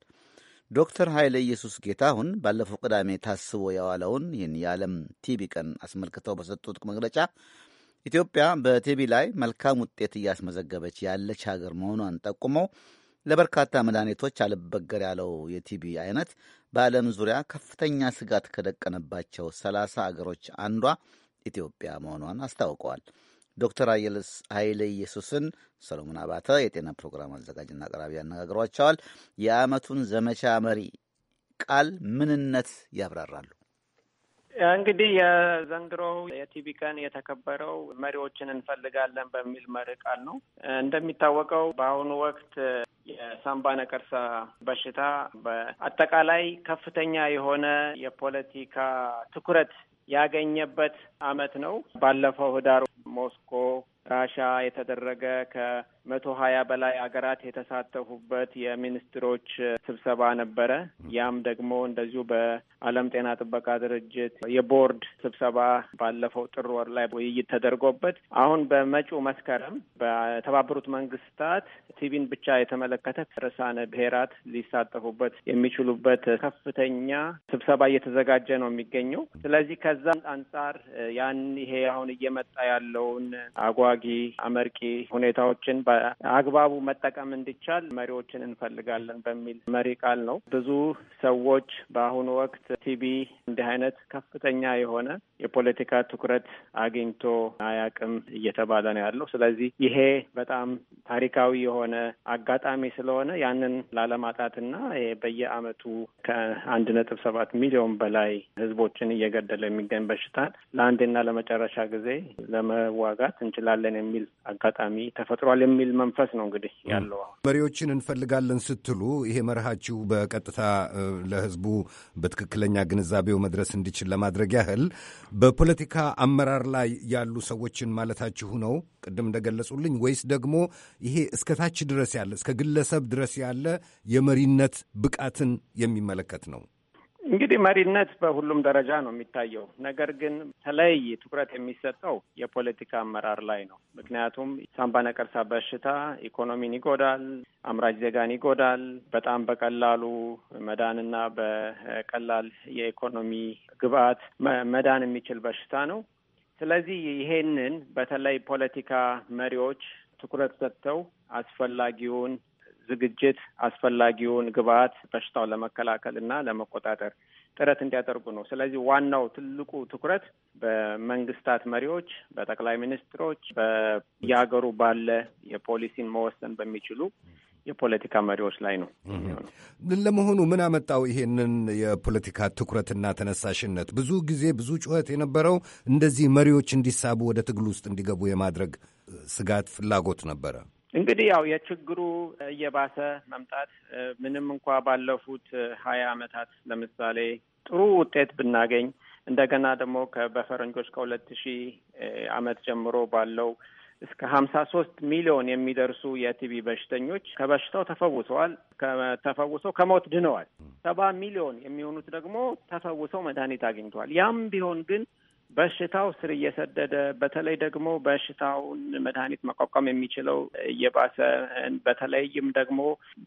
ዶክተር ኃይለ ኢየሱስ ጌታሁን ባለፈው ቅዳሜ ታስቦ የዋለውን ይህን የዓለም ቲቢ ቀን አስመልክተው በሰጡት መግለጫ ኢትዮጵያ በቲቢ ላይ መልካም ውጤት እያስመዘገበች ያለች ሀገር መሆኗን ጠቁመው ለበርካታ መድኃኒቶች አልበገር ያለው የቲቢ አይነት በዓለም ዙሪያ ከፍተኛ ስጋት ከደቀነባቸው ሰላሳ አገሮች አንዷ ኢትዮጵያ መሆኗን አስታውቀዋል። ዶክተር አየልስ ኃይለ ኢየሱስን ሰሎሞን አባተ የጤና ፕሮግራም አዘጋጅና አቅራቢ ያነጋግሯቸዋል። የዓመቱን ዘመቻ መሪ ቃል ምንነት ያብራራሉ። እንግዲህ የዘንድሮው የቲቪቀን ቀን የተከበረው መሪዎችን እንፈልጋለን በሚል መሪ ቃል ነው። እንደሚታወቀው በአሁኑ ወቅት የሳምባ ነቀርሳ በሽታ በአጠቃላይ ከፍተኛ የሆነ የፖለቲካ ትኩረት ያገኘበት ዓመት ነው። ባለፈው ህዳር ሞስኮ ራሻ የተደረገ ከ መቶ ሀያ በላይ ሀገራት የተሳተፉበት የሚኒስትሮች ስብሰባ ነበረ። ያም ደግሞ እንደዚሁ በዓለም ጤና ጥበቃ ድርጅት የቦርድ ስብሰባ ባለፈው ጥር ወር ላይ ውይይት ተደርጎበት አሁን በመጪው መስከረም በተባበሩት መንግስታት ቲቪን ብቻ የተመለከተ ርዕሳነ ብሔራት ሊሳተፉበት የሚችሉበት ከፍተኛ ስብሰባ እየተዘጋጀ ነው የሚገኘው። ስለዚህ ከዛ አንጻር ያን ይሄ አሁን እየመጣ ያለውን አጓጊ አመርቂ ሁኔታዎችን በአግባቡ መጠቀም እንዲቻል መሪዎችን እንፈልጋለን በሚል መሪ ቃል ነው። ብዙ ሰዎች በአሁኑ ወቅት ቲቢ እንዲህ አይነት ከፍተኛ የሆነ የፖለቲካ ትኩረት አግኝቶ አያቅም እየተባለ ነው ያለው። ስለዚህ ይሄ በጣም ታሪካዊ የሆነ አጋጣሚ ስለሆነ ያንን ላለማጣትና በየአመቱ ከአንድ ነጥብ ሰባት ሚሊዮን በላይ ህዝቦችን እየገደለ የሚገኝ በሽታን ለአንድና ለመጨረሻ ጊዜ ለመዋጋት እንችላለን የሚል አጋጣሚ ተፈጥሯል። የሚል መንፈስ ነው እንግዲህ ያለው። መሪዎችን እንፈልጋለን ስትሉ ይሄ መርሃችሁ በቀጥታ ለህዝቡ በትክክለኛ ግንዛቤው መድረስ እንዲችል ለማድረግ ያህል በፖለቲካ አመራር ላይ ያሉ ሰዎችን ማለታችሁ ነው ቅድም እንደገለጹልኝ፣ ወይስ ደግሞ ይሄ እስከ ታች ድረስ ያለ እስከ ግለሰብ ድረስ ያለ የመሪነት ብቃትን የሚመለከት ነው? እንግዲህ መሪነት በሁሉም ደረጃ ነው የሚታየው። ነገር ግን ተለይ ትኩረት የሚሰጠው የፖለቲካ አመራር ላይ ነው። ምክንያቱም ሳምባ ነቀርሳ በሽታ ኢኮኖሚን ይጎዳል፣ አምራች ዜጋን ይጎዳል። በጣም በቀላሉ መዳንና በቀላል የኢኮኖሚ ግብአት መዳን የሚችል በሽታ ነው። ስለዚህ ይሄንን በተለይ ፖለቲካ መሪዎች ትኩረት ሰጥተው አስፈላጊውን ዝግጅት አስፈላጊውን ግብዓት በሽታውን ለመከላከል እና ለመቆጣጠር ጥረት እንዲያደርጉ ነው። ስለዚህ ዋናው ትልቁ ትኩረት በመንግስታት መሪዎች፣ በጠቅላይ ሚኒስትሮች፣ በየሀገሩ ባለ የፖሊሲን መወሰን በሚችሉ የፖለቲካ መሪዎች ላይ ነው። ለመሆኑ ምን አመጣው ይሄንን የፖለቲካ ትኩረትና ተነሳሽነት? ብዙ ጊዜ ብዙ ጩኸት የነበረው እንደዚህ መሪዎች እንዲሳቡ ወደ ትግል ውስጥ እንዲገቡ የማድረግ ስጋት፣ ፍላጎት ነበረ። እንግዲህ ያው የችግሩ እየባሰ መምጣት ምንም እንኳ ባለፉት ሀያ አመታት ለምሳሌ ጥሩ ውጤት ብናገኝ እንደገና ደግሞ በፈረንጆች ከሁለት ሺህ አመት ጀምሮ ባለው እስከ ሀምሳ ሶስት ሚሊዮን የሚደርሱ የቲቪ በሽተኞች ከበሽታው ተፈውሰዋል። ተፈውሰው ከሞት ድነዋል። ሰባ ሚሊዮን የሚሆኑት ደግሞ ተፈውሰው መድኃኒት አግኝተዋል። ያም ቢሆን ግን በሽታው ስር እየሰደደ በተለይ ደግሞ በሽታውን መድኃኒት መቋቋም የሚችለው እየባሰ በተለይም ደግሞ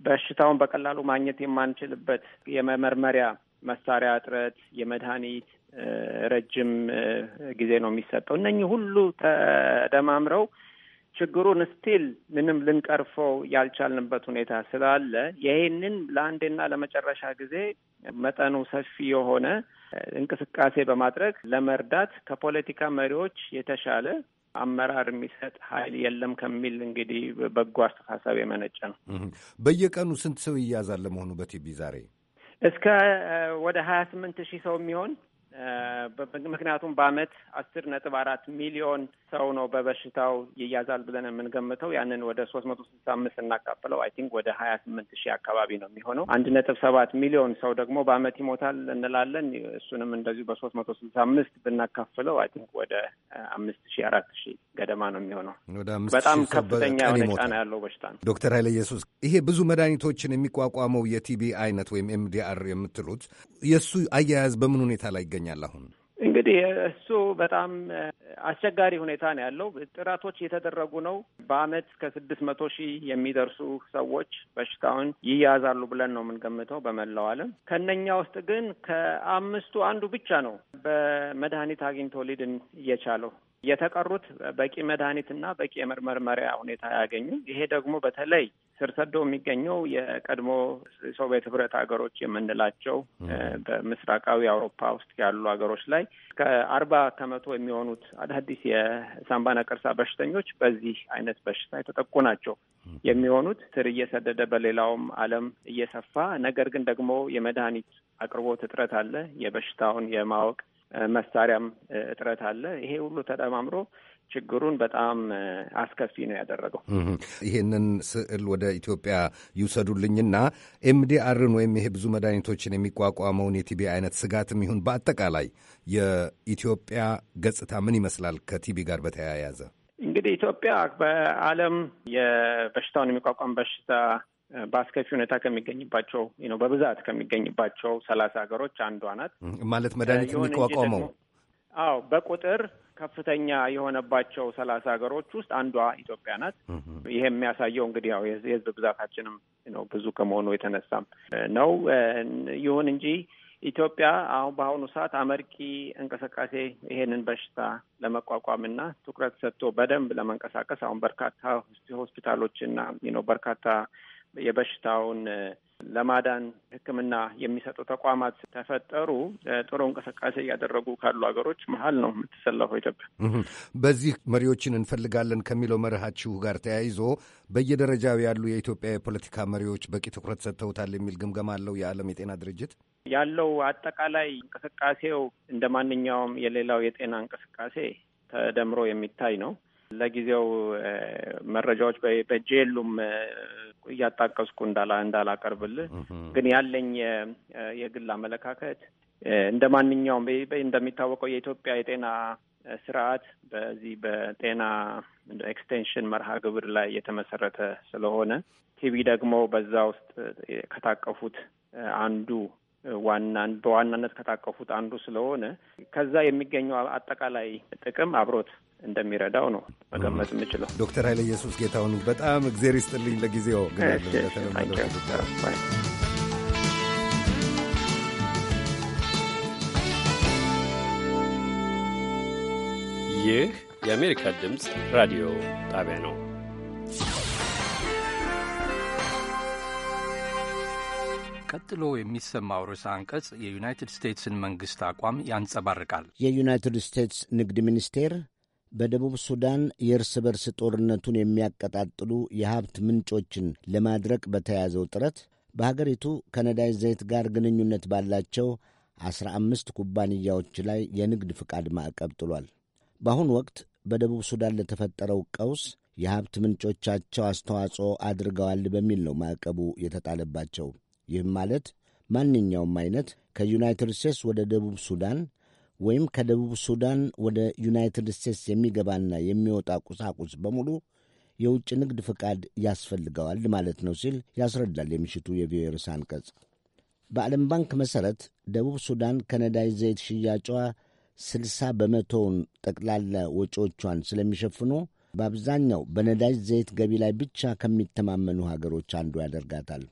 በሽታውን በቀላሉ ማግኘት የማንችልበት የመመርመሪያ መሳሪያ እጥረት፣ የመድኃኒት ረጅም ጊዜ ነው የሚሰጠው። እነኚህ ሁሉ ተደማምረው ችግሩን ስቲል ምንም ልንቀርፈው ያልቻልንበት ሁኔታ ስላለ ይሄንን ለአንዴና ለመጨረሻ ጊዜ መጠኑ ሰፊ የሆነ እንቅስቃሴ በማድረግ ለመርዳት ከፖለቲካ መሪዎች የተሻለ አመራር የሚሰጥ ኃይል የለም ከሚል እንግዲህ በጎ አስተሳሰብ የመነጨ ነው። በየቀኑ ስንት ሰው ይያዛል ለመሆኑ በቲቪ ዛሬ? እስከ ወደ ሀያ ስምንት ሺህ ሰው የሚሆን ምክንያቱም በአመት አስር ነጥብ አራት ሚሊዮን ሰው ነው በበሽታው ይያዛል ብለን የምንገምተው። ያንን ወደ ሶስት መቶ ስልሳ አምስት እናካፍለው አይ ቲንክ ወደ ሀያ ስምንት ሺህ አካባቢ ነው የሚሆነው። አንድ ነጥብ ሰባት ሚሊዮን ሰው ደግሞ በአመት ይሞታል እንላለን። እሱንም እንደዚሁ በሶስት መቶ ስልሳ አምስት ብናካፍለው አይ ቲንክ ወደ አምስት ሺህ አራት ሺህ ገደማ ነው የሚሆነው። በጣም ከፍተኛ የሆነ ጫና ያለው በሽታ ነው። ዶክተር ኃይለ ኢየሱስ ይሄ ብዙ መድኃኒቶችን የሚቋቋመው የቲቢ አይነት ወይም ኤምዲአር የምትሉት የእሱ አያያዝ በምን ሁኔታ ላይ ይገኛል? ይገኛል? አሁን እንግዲህ እሱ በጣም አስቸጋሪ ሁኔታ ነው ያለው። ጥረቶች እየተደረጉ ነው። በአመት ከስድስት መቶ ሺህ የሚደርሱ ሰዎች በሽታውን ይያዛሉ ብለን ነው የምንገምተው በመላው ዓለም። ከነኛ ውስጥ ግን ከአምስቱ አንዱ ብቻ ነው በመድኃኒት አግኝቶ ሊድን እየቻለው የተቀሩት በቂ መድኃኒትና በቂ የመመርመሪያ ሁኔታ ያገኙ ይሄ ደግሞ በተለይ ስር ሰዶ የሚገኘው የቀድሞ ሶቪየት ህብረት ሀገሮች የምንላቸው በምስራቃዊ አውሮፓ ውስጥ ያሉ ሀገሮች ላይ ከአርባ ከመቶ የሚሆኑት አዳዲስ የሳምባ ነቀርሳ በሽተኞች በዚህ አይነት በሽታ የተጠቁ ናቸው የሚሆኑት ስር እየሰደደ በሌላውም ዓለም እየሰፋ ነገር ግን ደግሞ የመድኃኒት አቅርቦት እጥረት አለ። የበሽታውን የማወቅ መሳሪያም እጥረት አለ። ይሄ ሁሉ ተደማምሮ ችግሩን በጣም አስከፊ ነው ያደረገው። ይህንን ስዕል ወደ ኢትዮጵያ ይውሰዱልኝና ኤምዲአርን ወይም ይሄ ብዙ መድኃኒቶችን የሚቋቋመውን የቲቢ አይነት ስጋትም ይሁን በአጠቃላይ የኢትዮጵያ ገጽታ ምን ይመስላል ከቲቢ ጋር በተያያዘ? እንግዲህ ኢትዮጵያ በዓለም የበሽታውን የሚቋቋም በሽታ በአስከፊ ሁኔታ ከሚገኝባቸው ነው በብዛት ከሚገኝባቸው ሰላሳ ሀገሮች አንዷ ናት። ማለት መድኃኒት የሚቋቋመው አዎ በቁጥር ከፍተኛ የሆነባቸው ሰላሳ ሀገሮች ውስጥ አንዷ ኢትዮጵያ ናት። ይሄ የሚያሳየው እንግዲህ ያው የህዝብ ብዛታችንም ነው ብዙ ከመሆኑ የተነሳም ነው። ይሁን እንጂ ኢትዮጵያ አሁን በአሁኑ ሰዓት አመርቂ እንቅስቃሴ ይሄንን በሽታ ለመቋቋምና ትኩረት ሰጥቶ በደንብ ለመንቀሳቀስ አሁን በርካታ ሆስፒታሎችና ነው በርካታ የበሽታውን ለማዳን ሕክምና የሚሰጡ ተቋማት ተፈጠሩ። ጥሩ እንቅስቃሴ እያደረጉ ካሉ ሀገሮች መሀል ነው የምትሰለፈው ኢትዮጵያ። በዚህ መሪዎችን እንፈልጋለን ከሚለው መርሃችሁ ጋር ተያይዞ በየደረጃው ያሉ የኢትዮጵያ የፖለቲካ መሪዎች በቂ ትኩረት ሰጥተውታል የሚል ግምገማ አለው የዓለም የጤና ድርጅት ያለው አጠቃላይ እንቅስቃሴው እንደ ማንኛውም የሌላው የጤና እንቅስቃሴ ተደምሮ የሚታይ ነው። ለጊዜው መረጃዎች በጄሉም የሉም እያጣቀስኩ እንዳላ እንዳላቀርብልህ ግን ያለኝ የግል አመለካከት እንደ ማንኛውም እንደሚታወቀው የኢትዮጵያ የጤና ስርዓት በዚህ በጤና ኤክስቴንሽን መርሃ ግብር ላይ የተመሰረተ ስለሆነ ቲቪ ደግሞ በዛ ውስጥ ከታቀፉት አንዱ ዋና በዋናነት ከታቀፉት አንዱ ስለሆነ ከዛ የሚገኘው አጠቃላይ ጥቅም አብሮት እንደሚረዳው ነው መገመት የምችለው። ዶክተር ኃይለ ኢየሱስ ጌታውን በጣም እግዜር ይስጥልኝ። ለጊዜው uh, ይህ የአሜሪካ ድምፅ ራዲዮ ጣቢያ ነው። ቀጥሎ የሚሰማው ርዕሰ አንቀጽ የዩናይትድ ስቴትስን መንግሥት አቋም ያንጸባርቃል። የዩናይትድ ስቴትስ ንግድ ሚኒስቴር በደቡብ ሱዳን የእርስ በርስ ጦርነቱን የሚያቀጣጥሉ የሀብት ምንጮችን ለማድረቅ በተያዘው ጥረት በሀገሪቱ ከነዳጅ ዘይት ጋር ግንኙነት ባላቸው አስራ አምስት ኩባንያዎች ላይ የንግድ ፍቃድ ማዕቀብ ጥሏል። በአሁኑ ወቅት በደቡብ ሱዳን ለተፈጠረው ቀውስ የሀብት ምንጮቻቸው አስተዋጽኦ አድርገዋል በሚል ነው ማዕቀቡ የተጣለባቸው። ይህም ማለት ማንኛውም አይነት ከዩናይትድ ስቴትስ ወደ ደቡብ ሱዳን ወይም ከደቡብ ሱዳን ወደ ዩናይትድ ስቴትስ የሚገባና የሚወጣ ቁሳቁስ በሙሉ የውጭ ንግድ ፍቃድ ያስፈልገዋል ማለት ነው ሲል ያስረዳል የምሽቱ የቪኦኤ ርዕሰ አንቀጽ። በዓለም ባንክ መሠረት ደቡብ ሱዳን ከነዳጅ ዘይት ሽያጯ 60 በመቶውን ጠቅላላ ወጪዎቿን ስለሚሸፍኑ በአብዛኛው በነዳጅ ዘይት ገቢ ላይ ብቻ ከሚተማመኑ ሀገሮች አንዱ ያደርጋታል።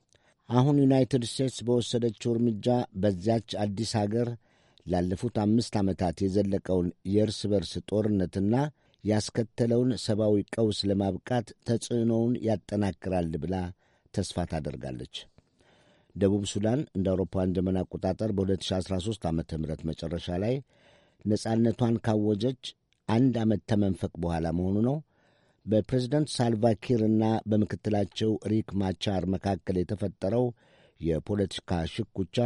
አሁን ዩናይትድ ስቴትስ በወሰደችው እርምጃ በዚያች አዲስ አገር ላለፉት አምስት ዓመታት የዘለቀውን የእርስ በርስ ጦርነትና ያስከተለውን ሰብአዊ ቀውስ ለማብቃት ተጽዕኖውን ያጠናክራል ብላ ተስፋ ታደርጋለች። ደቡብ ሱዳን እንደ አውሮፓውያን ዘመን አቆጣጠር በ2013 ዓ ም መጨረሻ ላይ ነጻነቷን ካወጀች አንድ ዓመት ተመንፈቅ በኋላ መሆኑ ነው። በፕሬዝደንት ሳልቫኪር እና በምክትላቸው ሪክ ማቻር መካከል የተፈጠረው የፖለቲካ ሽኩቻ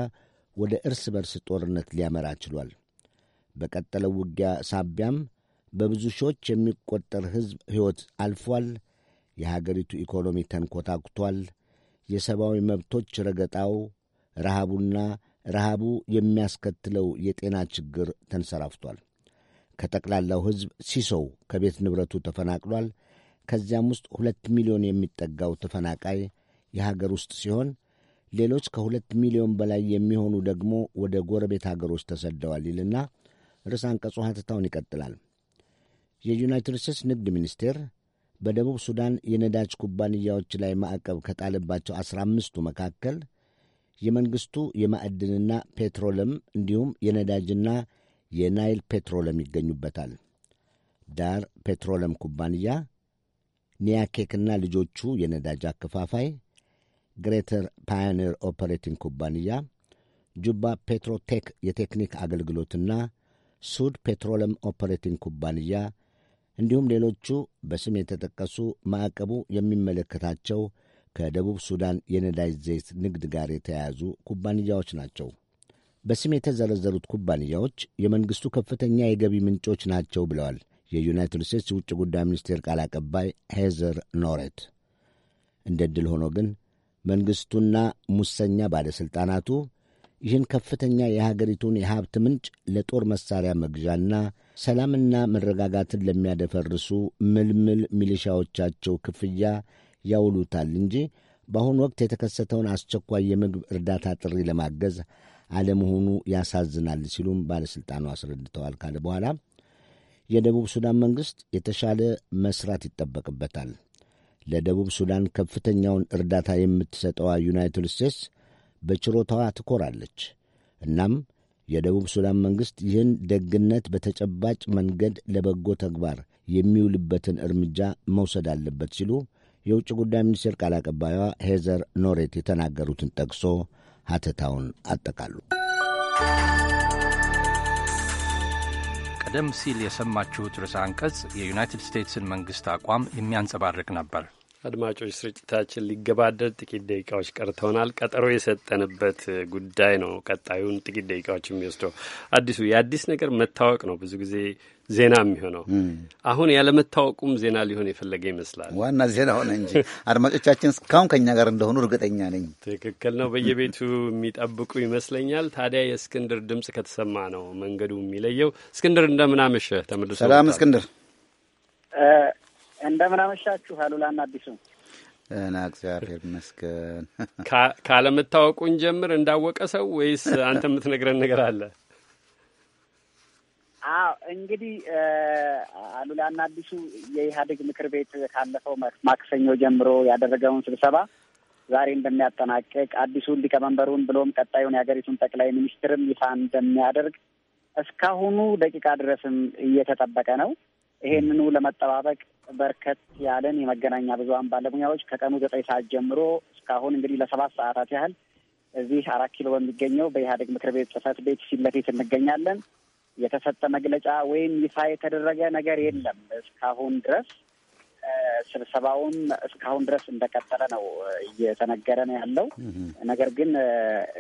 ወደ እርስ በርስ ጦርነት ሊያመራ ችሏል። በቀጠለው ውጊያ ሳቢያም በብዙ ሺዎች የሚቆጠር ሕዝብ ሕይወት አልፏል። የሀገሪቱ ኢኮኖሚ ተንኮታኩቷል። የሰብአዊ መብቶች ረገጣው፣ ረሃቡና ረሃቡ የሚያስከትለው የጤና ችግር ተንሰራፍቷል። ከጠቅላላው ሕዝብ ሲሶው ከቤት ንብረቱ ተፈናቅሏል። ከዚያም ውስጥ ሁለት ሚሊዮን የሚጠጋው ተፈናቃይ የሀገር ውስጥ ሲሆን ሌሎች ከሁለት ሚሊዮን በላይ የሚሆኑ ደግሞ ወደ ጎረቤት ሀገሮች ተሰደዋል ይልና ርዕስ አንቀጹ ሐተታውን ይቀጥላል። የዩናይትድ ስቴትስ ንግድ ሚኒስቴር በደቡብ ሱዳን የነዳጅ ኩባንያዎች ላይ ማዕቀብ ከጣለባቸው ዐሥራ አምስቱ መካከል የመንግሥቱ የማዕድንና ፔትሮለም እንዲሁም የነዳጅና የናይል ፔትሮለም ይገኙበታል። ዳር ፔትሮለም ኩባንያ ኒያኬክና ልጆቹ የነዳጅ አከፋፋይ፣ ግሬተር ፓዮኒር ኦፐሬቲንግ ኩባንያ፣ ጁባ ፔትሮቴክ የቴክኒክ አገልግሎትና ሱድ ፔትሮለም ኦፐሬቲንግ ኩባንያ እንዲሁም ሌሎቹ በስም የተጠቀሱ ማዕቀቡ የሚመለከታቸው ከደቡብ ሱዳን የነዳጅ ዘይት ንግድ ጋር የተያያዙ ኩባንያዎች ናቸው። በስም የተዘረዘሩት ኩባንያዎች የመንግሥቱ ከፍተኛ የገቢ ምንጮች ናቸው ብለዋል የዩናይትድ ስቴትስ ውጭ ጉዳይ ሚኒስቴር ቃል አቀባይ ሄዘር ኖሬት። እንደ ድል ሆኖ ግን መንግሥቱና ሙሰኛ ባለሥልጣናቱ ይህን ከፍተኛ የሀገሪቱን የሀብት ምንጭ ለጦር መሣሪያ መግዣና ሰላምና መረጋጋትን ለሚያደፈርሱ ምልምል ሚሊሻዎቻቸው ክፍያ ያውሉታል እንጂ በአሁኑ ወቅት የተከሰተውን አስቸኳይ የምግብ እርዳታ ጥሪ ለማገዝ አለመሆኑ ያሳዝናል ሲሉም ባለሥልጣኑ አስረድተዋል ካለ በኋላ የደቡብ ሱዳን መንግሥት የተሻለ መሥራት ይጠበቅበታል። ለደቡብ ሱዳን ከፍተኛውን እርዳታ የምትሰጠዋ ዩናይትድ ስቴትስ በችሮታዋ ትኮራለች። እናም የደቡብ ሱዳን መንግሥት ይህን ደግነት በተጨባጭ መንገድ ለበጎ ተግባር የሚውልበትን እርምጃ መውሰድ አለበት ሲሉ የውጭ ጉዳይ ሚኒስቴር ቃል አቀባይዋ ሄዘር ኖሬት የተናገሩትን ጠቅሶ ሐተታውን አጠቃሉ። ቀደም ሲል የሰማችሁት ርዕሰ አንቀጽ የዩናይትድ ስቴትስን መንግስት አቋም የሚያንጸባርቅ ነበር። አድማጮች፣ ስርጭታችን ሊገባደድ ጥቂት ደቂቃዎች ቀርተውናል። ቀጠሮ የሰጠንበት ጉዳይ ነው። ቀጣዩን ጥቂት ደቂቃዎች የሚወስደው አዲሱ የአዲስ ነገር መታወቅ ነው። ብዙ ጊዜ ዜና የሚሆነው አሁን ያለመታወቁም ዜና ሊሆን የፈለገ ይመስላል። ዋና ዜና ሆነ እንጂ አድማጮቻችን እስካሁን ከኛ ጋር እንደሆኑ እርግጠኛ ነኝ። ትክክል ነው። በየቤቱ የሚጠብቁ ይመስለኛል። ታዲያ የእስክንድር ድምፅ ከተሰማ ነው መንገዱ የሚለየው። እስክንድር እንደምናመሸ ተመልሶ ሰላም። እስክንድር እንደምናመሻችሁ አሉላና አዲሱ እና እግዚአብሔር ይመስገን። ካለመታወቁን ጀምር እንዳወቀ ሰው ወይስ አንተ የምትነግረን ነገር አለ? አዎ እንግዲህ አሉላና አዲሱ የኢህአዴግ ምክር ቤት ካለፈው ማክሰኞ ጀምሮ ያደረገውን ስብሰባ ዛሬ እንደሚያጠናቅቅ አዲሱን ሊቀመንበሩን ብሎም ቀጣዩን የሀገሪቱን ጠቅላይ ሚኒስትርም ይፋ እንደሚያደርግ እስካሁኑ ደቂቃ ድረስም እየተጠበቀ ነው። ይሄንኑ ለመጠባበቅ በርከት ያለን የመገናኛ ብዙኃን ባለሙያዎች ከቀኑ ዘጠኝ ሰዓት ጀምሮ እስካሁን እንግዲህ ለሰባት ሰዓታት ያህል እዚህ አራት ኪሎ በሚገኘው በኢህአዴግ ምክር ቤት ጽህፈት ቤት ፊት ለፊት እንገኛለን። የተሰጠ መግለጫ ወይም ይፋ የተደረገ ነገር የለም እስካሁን ድረስ። ስብሰባውም እስካሁን ድረስ እንደቀጠለ ነው እየተነገረ ነው ያለው። ነገር ግን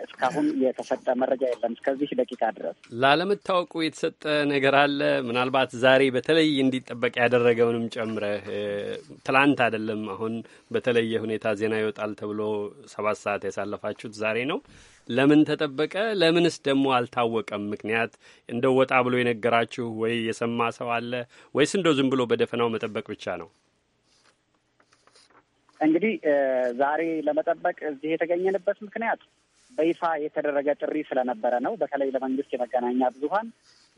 እስካሁን የተሰጠ መረጃ የለም እስከዚህ ደቂቃ ድረስ። ላለመታወቁ የተሰጠ ነገር አለ። ምናልባት ዛሬ በተለይ እንዲጠበቅ ያደረገውንም ጨምረህ ትላንት አይደለም፣ አሁን በተለየ ሁኔታ ዜና ይወጣል ተብሎ ሰባት ሰዓት ያሳለፋችሁት ዛሬ ነው። ለምን ተጠበቀ? ለምንስ ደግሞ አልታወቀም? ምክንያት እንደው ወጣ ብሎ የነገራችሁ ወይ የሰማ ሰው አለ ወይስ እንደው ዝም ብሎ በደፈናው መጠበቅ ብቻ ነው? እንግዲህ ዛሬ ለመጠበቅ እዚህ የተገኘንበት ምክንያት በይፋ የተደረገ ጥሪ ስለነበረ ነው። በተለይ ለመንግስት የመገናኛ ብዙኃን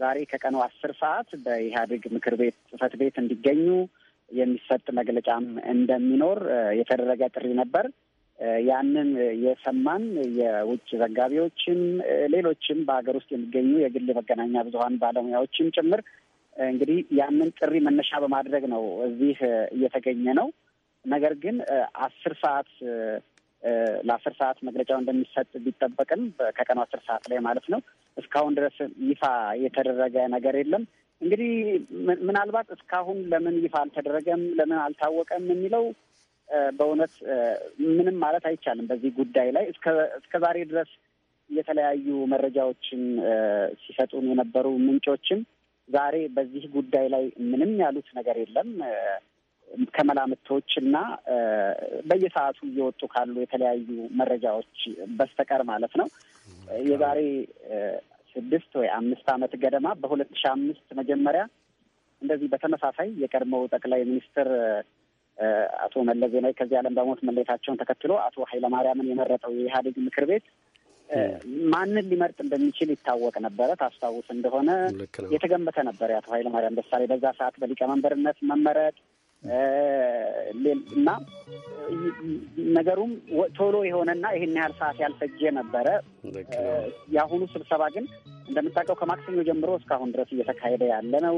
ዛሬ ከቀኑ አስር ሰዓት በኢህአዴግ ምክር ቤት ጽህፈት ቤት እንዲገኙ የሚሰጥ መግለጫም እንደሚኖር የተደረገ ጥሪ ነበር። ያንን የሰማን የውጭ ዘጋቢዎችም ሌሎችም በሀገር ውስጥ የሚገኙ የግል መገናኛ ብዙኃን ባለሙያዎችም ጭምር እንግዲህ ያንን ጥሪ መነሻ በማድረግ ነው እዚህ እየተገኘ ነው። ነገር ግን አስር ሰዓት ለአስር ሰዓት መግለጫው እንደሚሰጥ ቢጠበቅም ከቀኑ አስር ሰዓት ላይ ማለት ነው እስካሁን ድረስ ይፋ የተደረገ ነገር የለም። እንግዲህ ምናልባት እስካሁን ለምን ይፋ አልተደረገም፣ ለምን አልታወቀም የሚለው በእውነት ምንም ማለት አይቻልም። በዚህ ጉዳይ ላይ እስከ ዛሬ ድረስ የተለያዩ መረጃዎችን ሲሰጡን የነበሩ ምንጮችም ዛሬ በዚህ ጉዳይ ላይ ምንም ያሉት ነገር የለም። ከመላምቶች እና በየሰዓቱ እየወጡ ካሉ የተለያዩ መረጃዎች በስተቀር ማለት ነው። የዛሬ ስድስት ወይ አምስት ዓመት ገደማ በሁለት ሺህ አምስት መጀመሪያ እንደዚህ በተመሳሳይ የቀድሞው ጠቅላይ ሚኒስትር አቶ መለስ ዜናዊ ከዚህ ዓለም በሞት መለየታቸውን ተከትሎ አቶ ኃይለማርያምን የመረጠው የኢህአዴግ ምክር ቤት ማንን ሊመርጥ እንደሚችል ይታወቅ ነበረ። ታስታውስ እንደሆነ የተገመተ ነበር። የአቶ ኃይለማርያም ደሳሌ በዛ ሰዓት በሊቀመንበርነት መመረጥ እና ነገሩም ቶሎ የሆነና ይህን ያህል ሰዓት ያልፈጀ ነበረ። የአሁኑ ስብሰባ ግን እንደምታውቀው ከማክሰኞ ጀምሮ እስካሁን ድረስ እየተካሄደ ያለ ነው።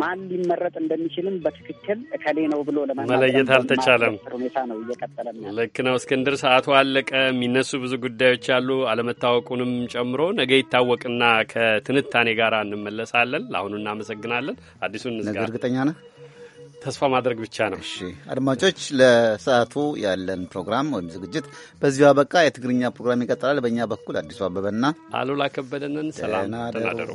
ማን ሊመረጥ እንደሚችልም በትክክል እከሌ ነው ብሎ ለመለየት አልተቻለም። ሁኔታ ነው እየቀጠለ ልክ ነው እስክንድር፣ ሰዓቱ አለቀ። የሚነሱ ብዙ ጉዳዮች አሉ፣ አለመታወቁንም ጨምሮ ነገ ይታወቅና ከትንታኔ ጋር እንመለሳለን። ለአሁኑ እናመሰግናለን። አዲሱን እርግጠኛ ነህ? ተስፋ ማድረግ ብቻ ነው። እሺ አድማጮች፣ ለሰዓቱ ያለን ፕሮግራም ወይም ዝግጅት በዚሁ አበቃ። የትግርኛ ፕሮግራም ይቀጥላል። በእኛ በኩል አዲሱ አበበና አሉላ ከበደንን ሰላም ተናደሩ።